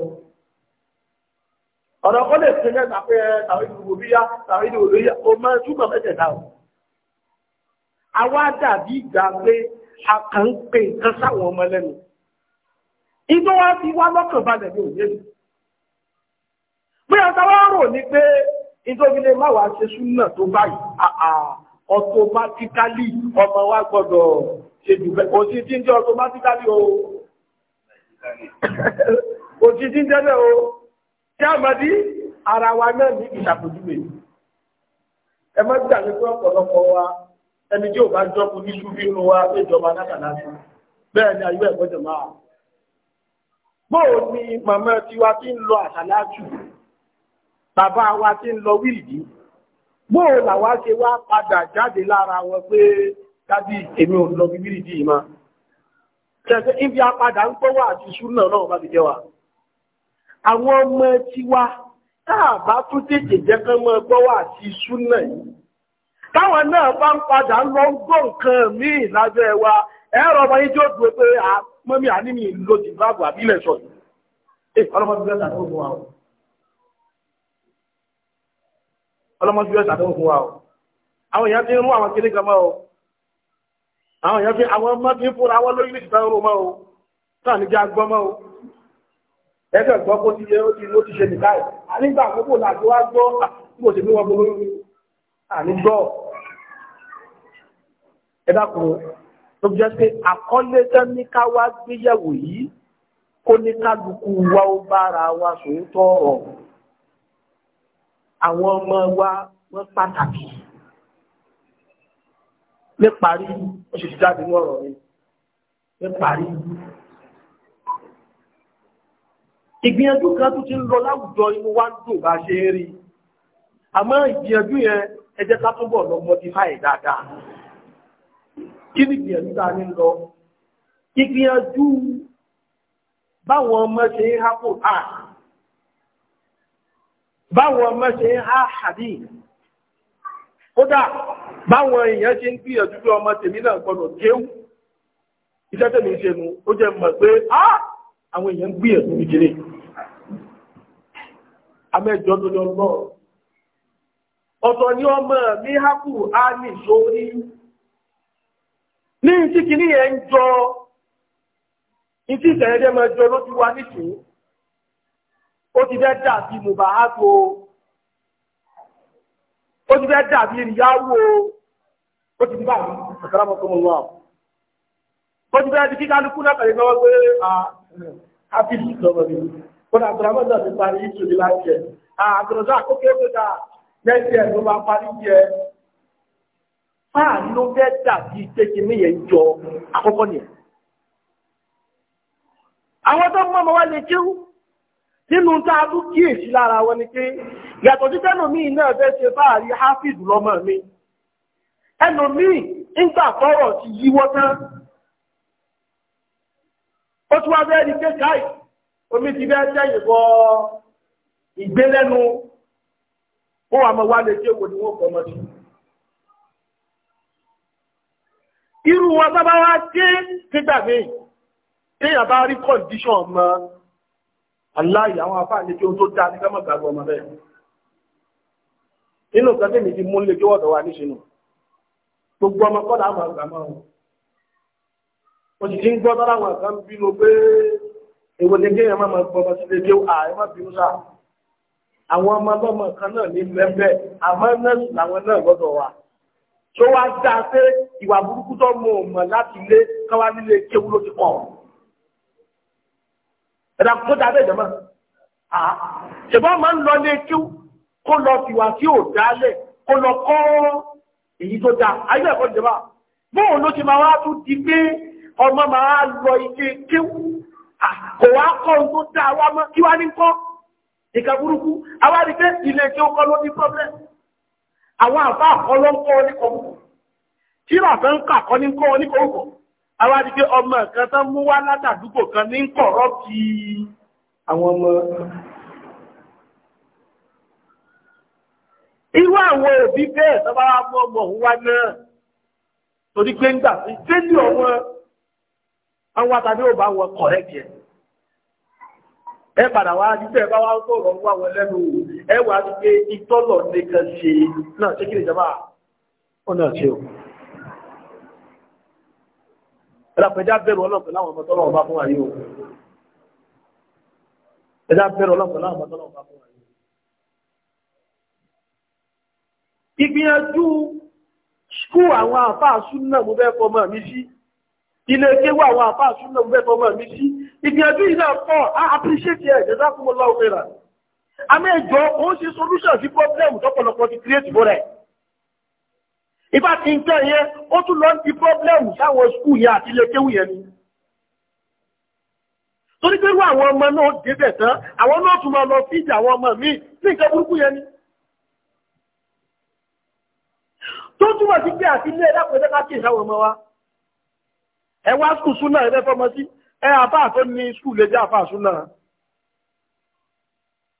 ọ̀rọ̀ ó lè ṣe mẹ́ta pé ẹ tàwí ìdìbò bíyá tàwí ìdìbò bíyá o máa túbọ̀ mẹ́tẹ̀ẹ̀ta o àwa dàbí ìgbà pé a kàn ń pe nǹkan sáwọn ọmọ lẹ́nu igbó wa fi wá lọ́kàn balẹ̀ ní òye mi bí ọ̀tá wa rò ní pé nítorí lè má wàá ṣe súnà tó báyìí ọ̀tọ̀mátíkálì ọmọ wa gbọ́dọ̀ ṣe jù bẹ́ẹ̀ kò sí jíjẹ́ ọ̀tọ̀mátíkálì o kò sí jíjẹ́ náà o tí a mọ̀ ní ara wa náà ní ìṣàpèjúwe ẹ má gbàgbé pé ọ̀pọ̀lọpọ̀ wa ẹni tí ò bá jọ́kù ní ṣúbí inú wa péjọba látàlá sí bẹ́ẹ̀ ni ayú ẹ̀kọ́ jẹ̀ máa bóò ni màmá tí wa ti ń lọ àṣàlájù bàbá wa ti ń lọ wíìdì bóò làwa ṣe wá padà jáde lára wọn pé dábì èmi ò lọ bí wíìdì yìí máa ṣẹ̀ṣẹ̀ ibi apadà ń pọ́wọ́ àti ṣúnà náà bá ti jẹ́ wa àwọn ọmọ tiwa táà bá tún tètè jẹ́ kán mọ́ gbọ́wọ́ àti ṣúnà yìí táwọn náà bá ń padà lọ ń gbọ́ nǹkan míì lábẹ́ wa ẹ̀rọ ọmọ yín yóò dúró pé mọ́mí ànímì ló ti báàbò àbílẹ̀ sọ yìí. ẹ ọlọ́mọdé bẹ́ẹ̀ sàdéhùn fún wa o. ọlọ́mọdé bẹ́ẹ̀ sàdéhùn fún wa o. àwọn èèyàn ti ń rú àwọn kiri kan mọ́ o. àwọn èèyàn fi àwọn ọmọ ti ń fúnra wọn lórí ní ìta ń mọ́ o. táà ní jẹ́ mọ́ o. ẹgbẹ́ gbọ́ kó ti yẹ ó ti ló ti ṣe nígbà àkókò làjọ ẹ̀dá kan tó fi jẹ́ pé àkọlé tán ní ká wá gbéyẹ̀wò yìí kó ní kálukú wa ó bára wa sòótọ́ ọ̀rọ̀ àwọn ọmọ wa wọ́n pàtàkì ní parí oṣù tí jáde ní ọ̀rọ̀ mi ní parí. ìgbìyànjú kan tó ti ń lọ láwùjọ inú wa ń dùn bá ṣe é rí àmọ́ ìgbìyànjú yẹn ẹ jẹ́ ká túbọ̀ lọ modify dáadáa kí ni ìgbìyànjú tá a ní lọ ìgbìyànjú báwọn ọmọ ṣe ń há kò á báwọn ọmọ ṣe ń há hàdí kódà báwọn èèyàn ṣe ń gbìyànjú bí ọmọ tèmi náà gbọdọ̀ kéwù iṣẹ́ tèmi ṣe nu ó jẹ́ mọ̀ pé á àwọn èèyàn gbìyànjú ìjìnlẹ̀ amẹ́jọ ọ̀tọ̀ ni ọmọ mi hákù á nìṣó ní ní tí kìíní yẹn ń jọ ìtí ìṣẹ̀lẹ̀dẹ́ máa jọ ló ti wá nìtún ó ti fẹ́ dàbí mùbáhátó ó ti fẹ́ dàbí ìyáwó ó ti bá mi àkàràmọ́ tó mọ̀ wọ́n ó ti fẹ́ di kíkálukú náà pẹ̀lú lọ́wọ́ pé a ábìlì lọ́wọ́ mi kódà àkàràmọ́ náà ti parí ìṣòdì láti ẹ̀ àkàràmọ́ àkókò ó táà ló fẹ́ dàbí kéèkì ní yẹn jọ àkọ́kọ́ nìyẹn. àwọn tó mọ́ ọmọ wa lè kéwú nínú tá a tún kíyèsí lára wọn ni pé yàtọ̀ sí tẹ́lòmíì náà fẹ́ ṣe fáàrí hafiz lọ́mọ mi ẹlòmíì ńgbà tọrọ ti yíwọ́ tán ó tún wá bẹ́ẹ̀ ni pé káì omi ti bẹ́ẹ̀ tẹ́yìn bọ ìgbélẹ́nu ó wà mọ́ wa lè kéwò ni wọ́n kọ́ ọmọ sí irú wọn bá bá wá dé nígbà míì téèyàn bá rí kọ́ndíṣọ̀n ọmọ aláì àwọn afá ní kí o tó dá ní ká mọ̀gbà ọmọ rẹ̀ nínú kan tí mi ti mú lé kí wọ́n dọ̀wà níṣinú gbogbo ọmọ kọ́ láwọn àgbà máa wọn ó sì ti ń gbọ́ tọ́lá àwọn àgbà ń bínú pé èwo ni kéèyàn máa máa gbọ́ ọmọ sí lè kí ààrẹ má bínú sáà àwọn ọmọ ọlọ́mọ kan náà ní mẹ́fẹ́ àmọ́ nọ́ọ̀sì làwọn náà gbọ́dọ̀ wà tó wá dá pé ìwà burúkú tó mọ òmọ̀ láti ilé káwá nílé kéwú ló ti kọ̀ ẹ̀dá tó dá bẹ́ẹ̀ jẹ́mọ́ ṣùgbọ́n máa ń lọ lé kéwú kó lọ fìwà tí ò dálẹ̀ kó lọ kọ́ èyí tó dá ayé ẹ̀kọ́ jẹ́mọ́ bóun ló ti máa wá tún di pé ọmọ máa lọ ilé kéwú kò wá kọ́ ohun tó dá wa mọ́ kí wá ní kọ́ ìkà burúkú àwa pé ilé tí ó kọ́ ló ní pọ́blẹ́mù àwọn àfá ọlọ́nkọ́ oníkọ̀ọ́kọ̀ tí ràfẹ́ ń kàkọ́ ní kọ́ oníkọ̀ọ́kọ̀ àwọn àdìgbé ọmọ ẹ̀kan tán mú wá látàdúgbò kan ní kọ̀rọ̀ kí àwọn ọmọ irú àwọn òbí bẹ́ẹ̀ tọ́bá wá ọmọ òun wá náà torí pé ń gbà sí tẹ́lẹ̀ ọmọ àwọn àtàdé ò bá wọn kọ̀rẹ́kẹ̀ẹ́ ẹ padà wá jíjẹ́ bá wá sọ̀rọ̀ wá wọn lẹ́nu ẹ wà á ti gbé ìtọ́lọ̀ nìkan ṣe náà ṣé kí ni ìjọba ó náà ṣe o. ẹ̀dàpẹ̀já bẹ̀rù ọlọ́pẹ̀ láwọn ọmọ tọ́lọ̀ ọba fún àyè o. ẹ̀dá bẹ̀rù ọlọ́pẹ̀ láwọn ọmọ tọ́lọ̀ ọba fún àyè o. ìgbìyànjú skúù àwọn àfáà súnà mo fẹ́ fọmọ mi sí ilé kéwà àwọn If ìgbìyànjú yìí náà pọ̀ á appreciate ẹ̀ jẹ́sà fún ọlá òmìnira àmì ẹ̀jọ́ ó ṣe solution sí problem tọ́pọ̀lọpọ̀ ti create bó rẹ̀ ìbá ti ń tẹ́ yẹn ó tún lọ di problem sáwọn skul yẹn àti ilé kéwù yẹn ni So the àwọn ọmọ náà débẹ̀ tán àwọn náà tún máa lọ fíjì àwọn ọmọ míì sí nǹkan burúkú yẹn ni tó túmọ̀ sí pé àti ilé ẹ̀dá pẹ̀lú ká kí ìsáwọn ọmọ wa ẹ̀wá skul súnà ẹ̀fẹ́ fọmọ sí ẹ àfáà tó ní skul lè jẹ́ àfáà súnà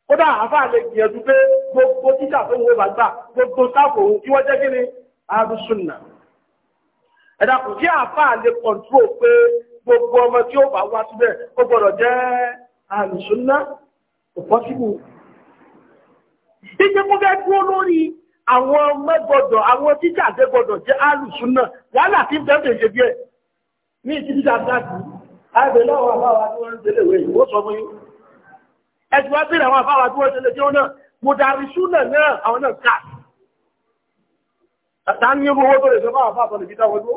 kódà àfáà lè gbìyànjú pé gbogbo tíṣà tó ń wo bàgbà gbogbo sáfò òun kí wọ́n jẹ́ kí ni àrùsùnà ẹ dàpọ̀ kí àfáà lè kọ̀ntró pé gbogbo ọmọ tí ó bá wá síbẹ̀ ó gbọ́dọ̀ jẹ́ àrùsùnà kò pọ́sibú ìjẹ́ kó fẹ́ dúró lórí àwọn ọmọ gbọ́dọ̀ àwọn tíṣà tẹ́ gbọ́dọ̀ jẹ́ àrùsùnà wàhálà tí ń bẹ́ẹ̀ àbẹ̀lẹ̀ àwọn àfáwà tí wọ́n ń tẹ́lẹ̀ wẹ̀ yìí ó sọ fún yín ẹ̀sùn wá bèèrè àwọn àfáwà tí wọ́n tẹ́lẹ̀ tí ó náà mo darí súnà náà àwọn náà ká àtà ní owó tó lè sọ fún àfáà tọ́lẹ̀ jíta wọn tó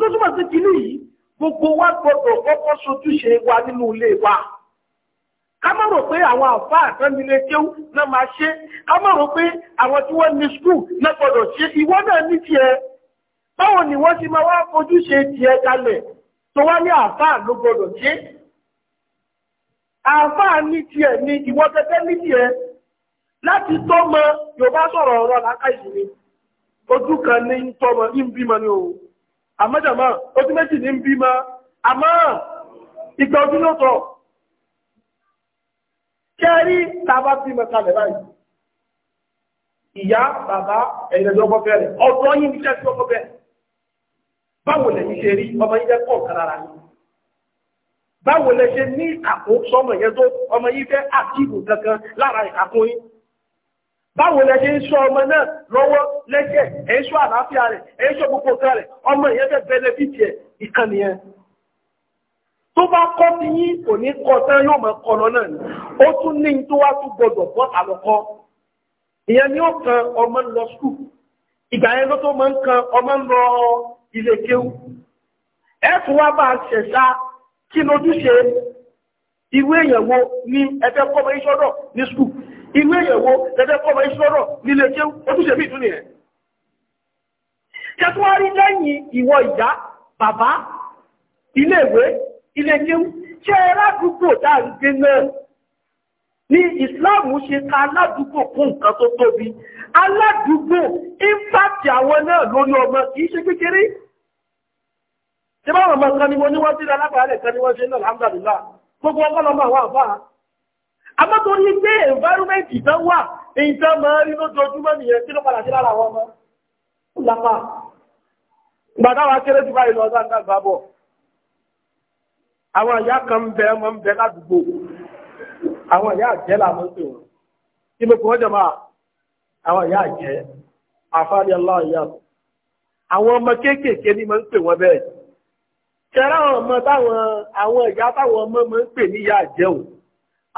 tó túmọ̀ sí kìíní yìí gbogbo wa gbọdọ̀ kọ́kọ́ sojúṣe wa nínú ilé wa ká má rò pé àwọn àfáà kan ní ilé kéwú náà máa ṣe ká má rò pé àwọn tí wọ́n ní skul náà gbọdọ̀ ṣe ìwọ náà ní tiẹ̀ báwo ni wọ́n ti máa wá fojú ṣe tiẹ̀ kalẹ̀ tó wá ní àáfàá ló gbọdọ̀ ṣe àáfàá ní tiẹ̀ ni ìwọ tẹ́tẹ́ ní tiẹ̀ láti tọ́mọ Yorùbá sọ̀rọ̀ ọ̀rọ̀ láká ìsinmi ojú kan ní tọ́mọ ní bímọ ni o àmọ́jàmọ́ ojú méjì ní bímọ àmọ́ ìgbà ojú ló sọ kẹrí tàbá bímọ kalẹ̀ báyìí ìyá bàbá ẹ̀yìn ẹ̀dọ́gbọ́fẹ́ rẹ̀ ọ̀dọ́ yìí ní kẹ́sì ọkọ̀ bẹ́ẹ̀ báwo lẹ́yìn ṣe rí ọmọ ibe kọ kọ̀ ni báwo ṣe ní àkóso ọmọ yẹn tó ọmọ yín àtìbù kankan lára ìkàkùn báwo ṣe ń ọmọ náà lọ́wọ́ lẹ́sẹ̀ ẹ̀ ń sọ àlàáfíà rẹ̀ ẹ̀ ń gbogbo rẹ̀ ọmọ yẹn fẹ́ bẹ́nẹ́fìtì ẹ̀ ìkànnì yẹn tó bá kọ́ sí yín kò ní tán yóò ni ó kan ọmọ ń lọ skul ìgbà yẹn ló tó máa ń kan lọ ilé kéwú ẹ̀fún wá bá ṣẹ̀ṣá kí ni ojúṣe ìwé ìyẹ̀wò ní ẹgbẹ́ kọ́mọ iṣọ́rọ̀ ní skul ìwé ìyẹ̀wò ẹgbẹ́ kọ́mọ iṣọ́rọ̀ nílé kéwú ojúṣe bí ìtúnìyẹ tẹ́tùwárí lẹ́yìn ìwọ ìyá bàbá ilé ìwé ilé kéwú ṣe rádùúgbò dáa ń gbé náà ní ìsìláàmù ṣe ka aládùúgbò kún nǹkan tó tóbi aládùúgbò ìpàtì àwọn náà lórí ọmọ kìí ṣe kékeré tí bá wọn mọ kan ni mo ní wọ́n ti rí alábàálẹ̀ kan ni wọ́n ṣe náà alhamdulillah gbogbo ọkọ̀ lọ́mọ àwọn àfáà àmọ́ tó ní pé environment ìtàn wà èyí tán máa rí lójoojúmọ́ nìyẹn kí ló padà sí lára àwọn ọmọ lápá gbàdáwà kéré jù báyìí lọ sáà ń dàgbà bọ̀ àwọn àyà kan ń bẹ ọmọ ń bẹ ládùúgbò àwọn ìyá àjẹ́ làmọ́ sí wọn kí ló kọ́ ọjọ́ máa àwọn ìyá àjẹ́ àfáàní aláìyàtọ̀ àwọn ọmọ kéékèèké ní máa ń pè wọ́n bẹ́ẹ̀ kẹrẹ àwọn ọmọ táwọn àwọn ìyá táwọn ọmọ máa ń pè ní ìyá àjẹ́ o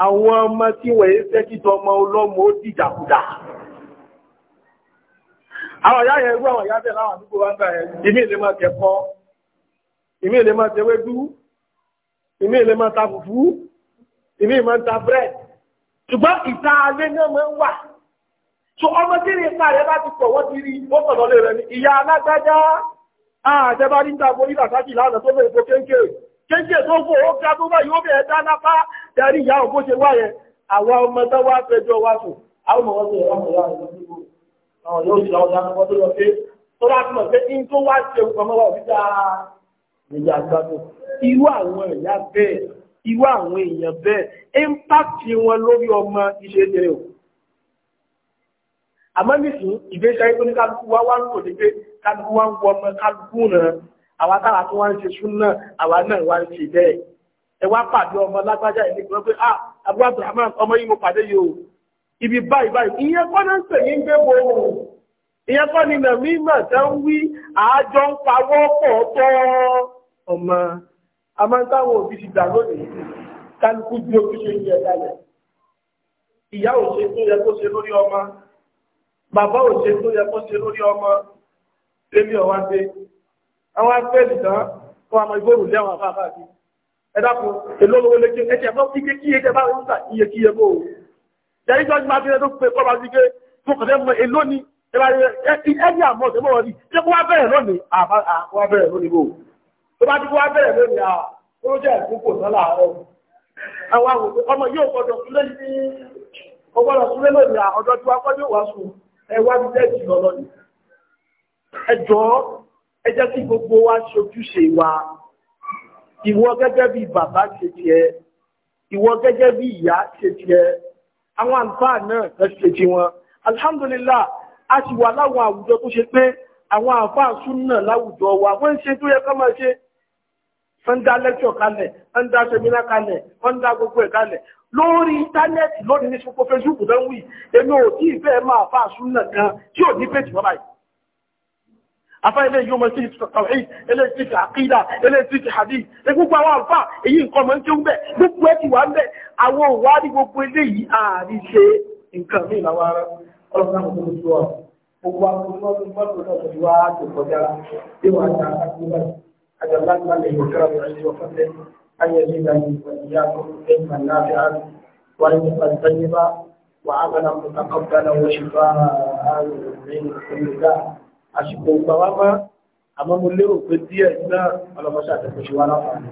àwọn ọmọ tí wọ́n yé fẹ́ kí tọmọ ọlọ́mọ ó dìjàkudà àwọn ìyá yẹn irú àwọn ìyá bẹ́ẹ̀ láwọn àdúgbò wa ń ìmí ìlé máa kẹ́kọ̀ọ́ ìmí ìlé máa tẹwédú ìmí ìlé máa ta fùfú ìmí máa ń ta bread ṣùgbọ́n ìta alẹ́ náà máa ń wà so ọmọ tí ìrìn ìta rẹ̀ bá ti pọ̀ wọ́n ti rí ó pọ̀ lọ́lẹ̀ rẹ̀ ni ìyá alágbájá àjẹbá níta borí làtàkì lánàá tó fẹ́ èpo kéńké kéńké tó fò ó ga tó báyìí ó bẹ̀ẹ́ dá lápá darí ìyá òkú ṣe wá yẹn àwọn ọmọ tó wá fẹjọ́ wá sùn àwọn ọmọ wọn ṣe ọmọ ìyá rẹ̀ lọ́sibú àwọn yóò ṣe ọjà wọn tó lọ pé tó bá túmọ̀ pé in tó wá ṣe ọmọ wa òbí dáa nígbà gbàgbọ́ irú àwọn ìyá bẹ́ẹ̀ irú àwọn èèyàn bẹ́ẹ̀ ímpáàkì wọn lórí ọmọ iṣẹ́ tẹ̀lé o. àmọ́ nísìnyí ìgbésí ayé tó ní kálukú wá wá ń lò ní pé kálukú wá ń wọ ọmọ kálukú náà àwa táwa tó wá ń ṣe súnà àwa náà wá ń ṣe bẹ́ẹ̀. ẹ wá pàdé ọmọ lágbájá ìlú kan pé ah abu abdulhamid ọmọ yìí mo pàdé yìí o ibi báyìí báyìí ìyẹn kọ́ náà ń pè ní gbé bo òun ìyẹn kọ́ ni nàmí mọ̀ tẹ́ ń wí àájọ ń pawọ́ pọ̀ tọ́ ọmọ àmọ́ táwọn òbí ti dà lónìí kálukú bí ojúṣe ń yẹ lálẹ́ ìyá ò ṣe tó yẹ kó ṣe lórí ọmọ bàbá ò ṣe tó yẹ kó ṣe lórí ọmọ lèmi ọ̀wá gbé àwọn afẹ́ nìkan fún àmọ́ ìgbóòrò lẹ́wọ̀n àfáàfá àti ẹ̀dàkùn èlólówó lékè ẹ̀jẹ̀ bọ́ kíké kí ẹ̀jẹ̀ bá ń ta iye kíye bó o jẹ́rí tó ń bá fi ẹ̀dọ́ pé kọ́ba sí pé tó kọ̀ fẹ́ mọ èló ni ẹ̀ẹ́dì àmọ́ ọ̀sẹ̀ mọ́ wọn ni ṣé kó wá bẹ̀rẹ̀ lónìí àwa bẹ̀rẹ̀ lónìí bó o tó bá dúpọ̀ wá bẹ̀rẹ̀ lónìí à project púpọ̀ náà làárọ̀ àwọn àwòrán ọmọ yóò gbọdọ̀ súlé ọjọ́ tí wá kọ́ yóò wá sùn ẹ wá àwọn àǹfààní náà lọ ṣe wọn alhamdulillah a sì wà láwọn àwùjọ tó ṣe pé àwọn àǹfààní súnà láwùjọ wa wọ́n ń ṣe tó yẹ ká máa ṣe wọ́n dá lẹ́kṣọ̀ kalẹ̀ wọ́n dá sẹ́mínà kalẹ̀ wọ́n dá gbogbo ẹ̀ kalẹ̀ lórí íńtánẹ́ẹ̀tì lónìí ní sọ́kọ́ facebook náà wì èmi ò tí ì fẹ́ máa fa àsúnà kan tí ò ní péjì bábáyì afá ilé yóò mọ sí ìtàwé ilé sí ti àkídà ilé sí ti hadith ní gbogbo àwọn àǹfà èyí nǹkan mọ̀ ń tí ó ń bẹ̀ gbogbo ẹ̀ ti wà ń bẹ̀ àwọn òwádìí gbogbo eléyìí ààrí ṣe nǹkan mí làwọn ará ọlọ́run náà kò tó tó wà gbogbo àwọn ọmọ tó ń bọ̀ tó ń bọ̀ tó ń bọ̀ tó ń bọ̀ tó ń bọ̀ أجلتنا من كرم العز وفضله أن يزيدني وإياكم علما نافعا ورزقا طيبا وعملا متقبلا وشفاء من كل داء àsìkò gbàwámá àmọ́ mo lérò pé díẹ̀ náà ọlọ́mọṣẹ́ àtẹ̀kùnṣe wa láǹfààní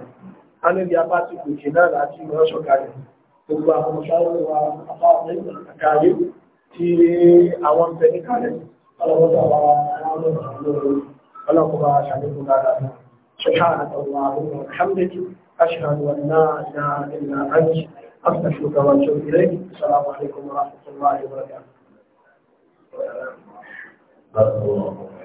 a ní ibi apá ti gòkè náà láti ìmọ̀ ṣọ̀kalẹ̀ gbogbo àwọn ọmọṣẹ́ wa apá àkàrí tí àwọn ń bẹ níkàlẹ̀ ọlọ́mọṣẹ́ àwọn ọlọ́mọṣẹ́ àṣàlẹ́kùn dáadáa سبحانك اللهم وبحمدك أشهد أن لا إله إلا أنت أستغفرك وأتوب إليك السلام عليكم ورحمة الله وبركاته.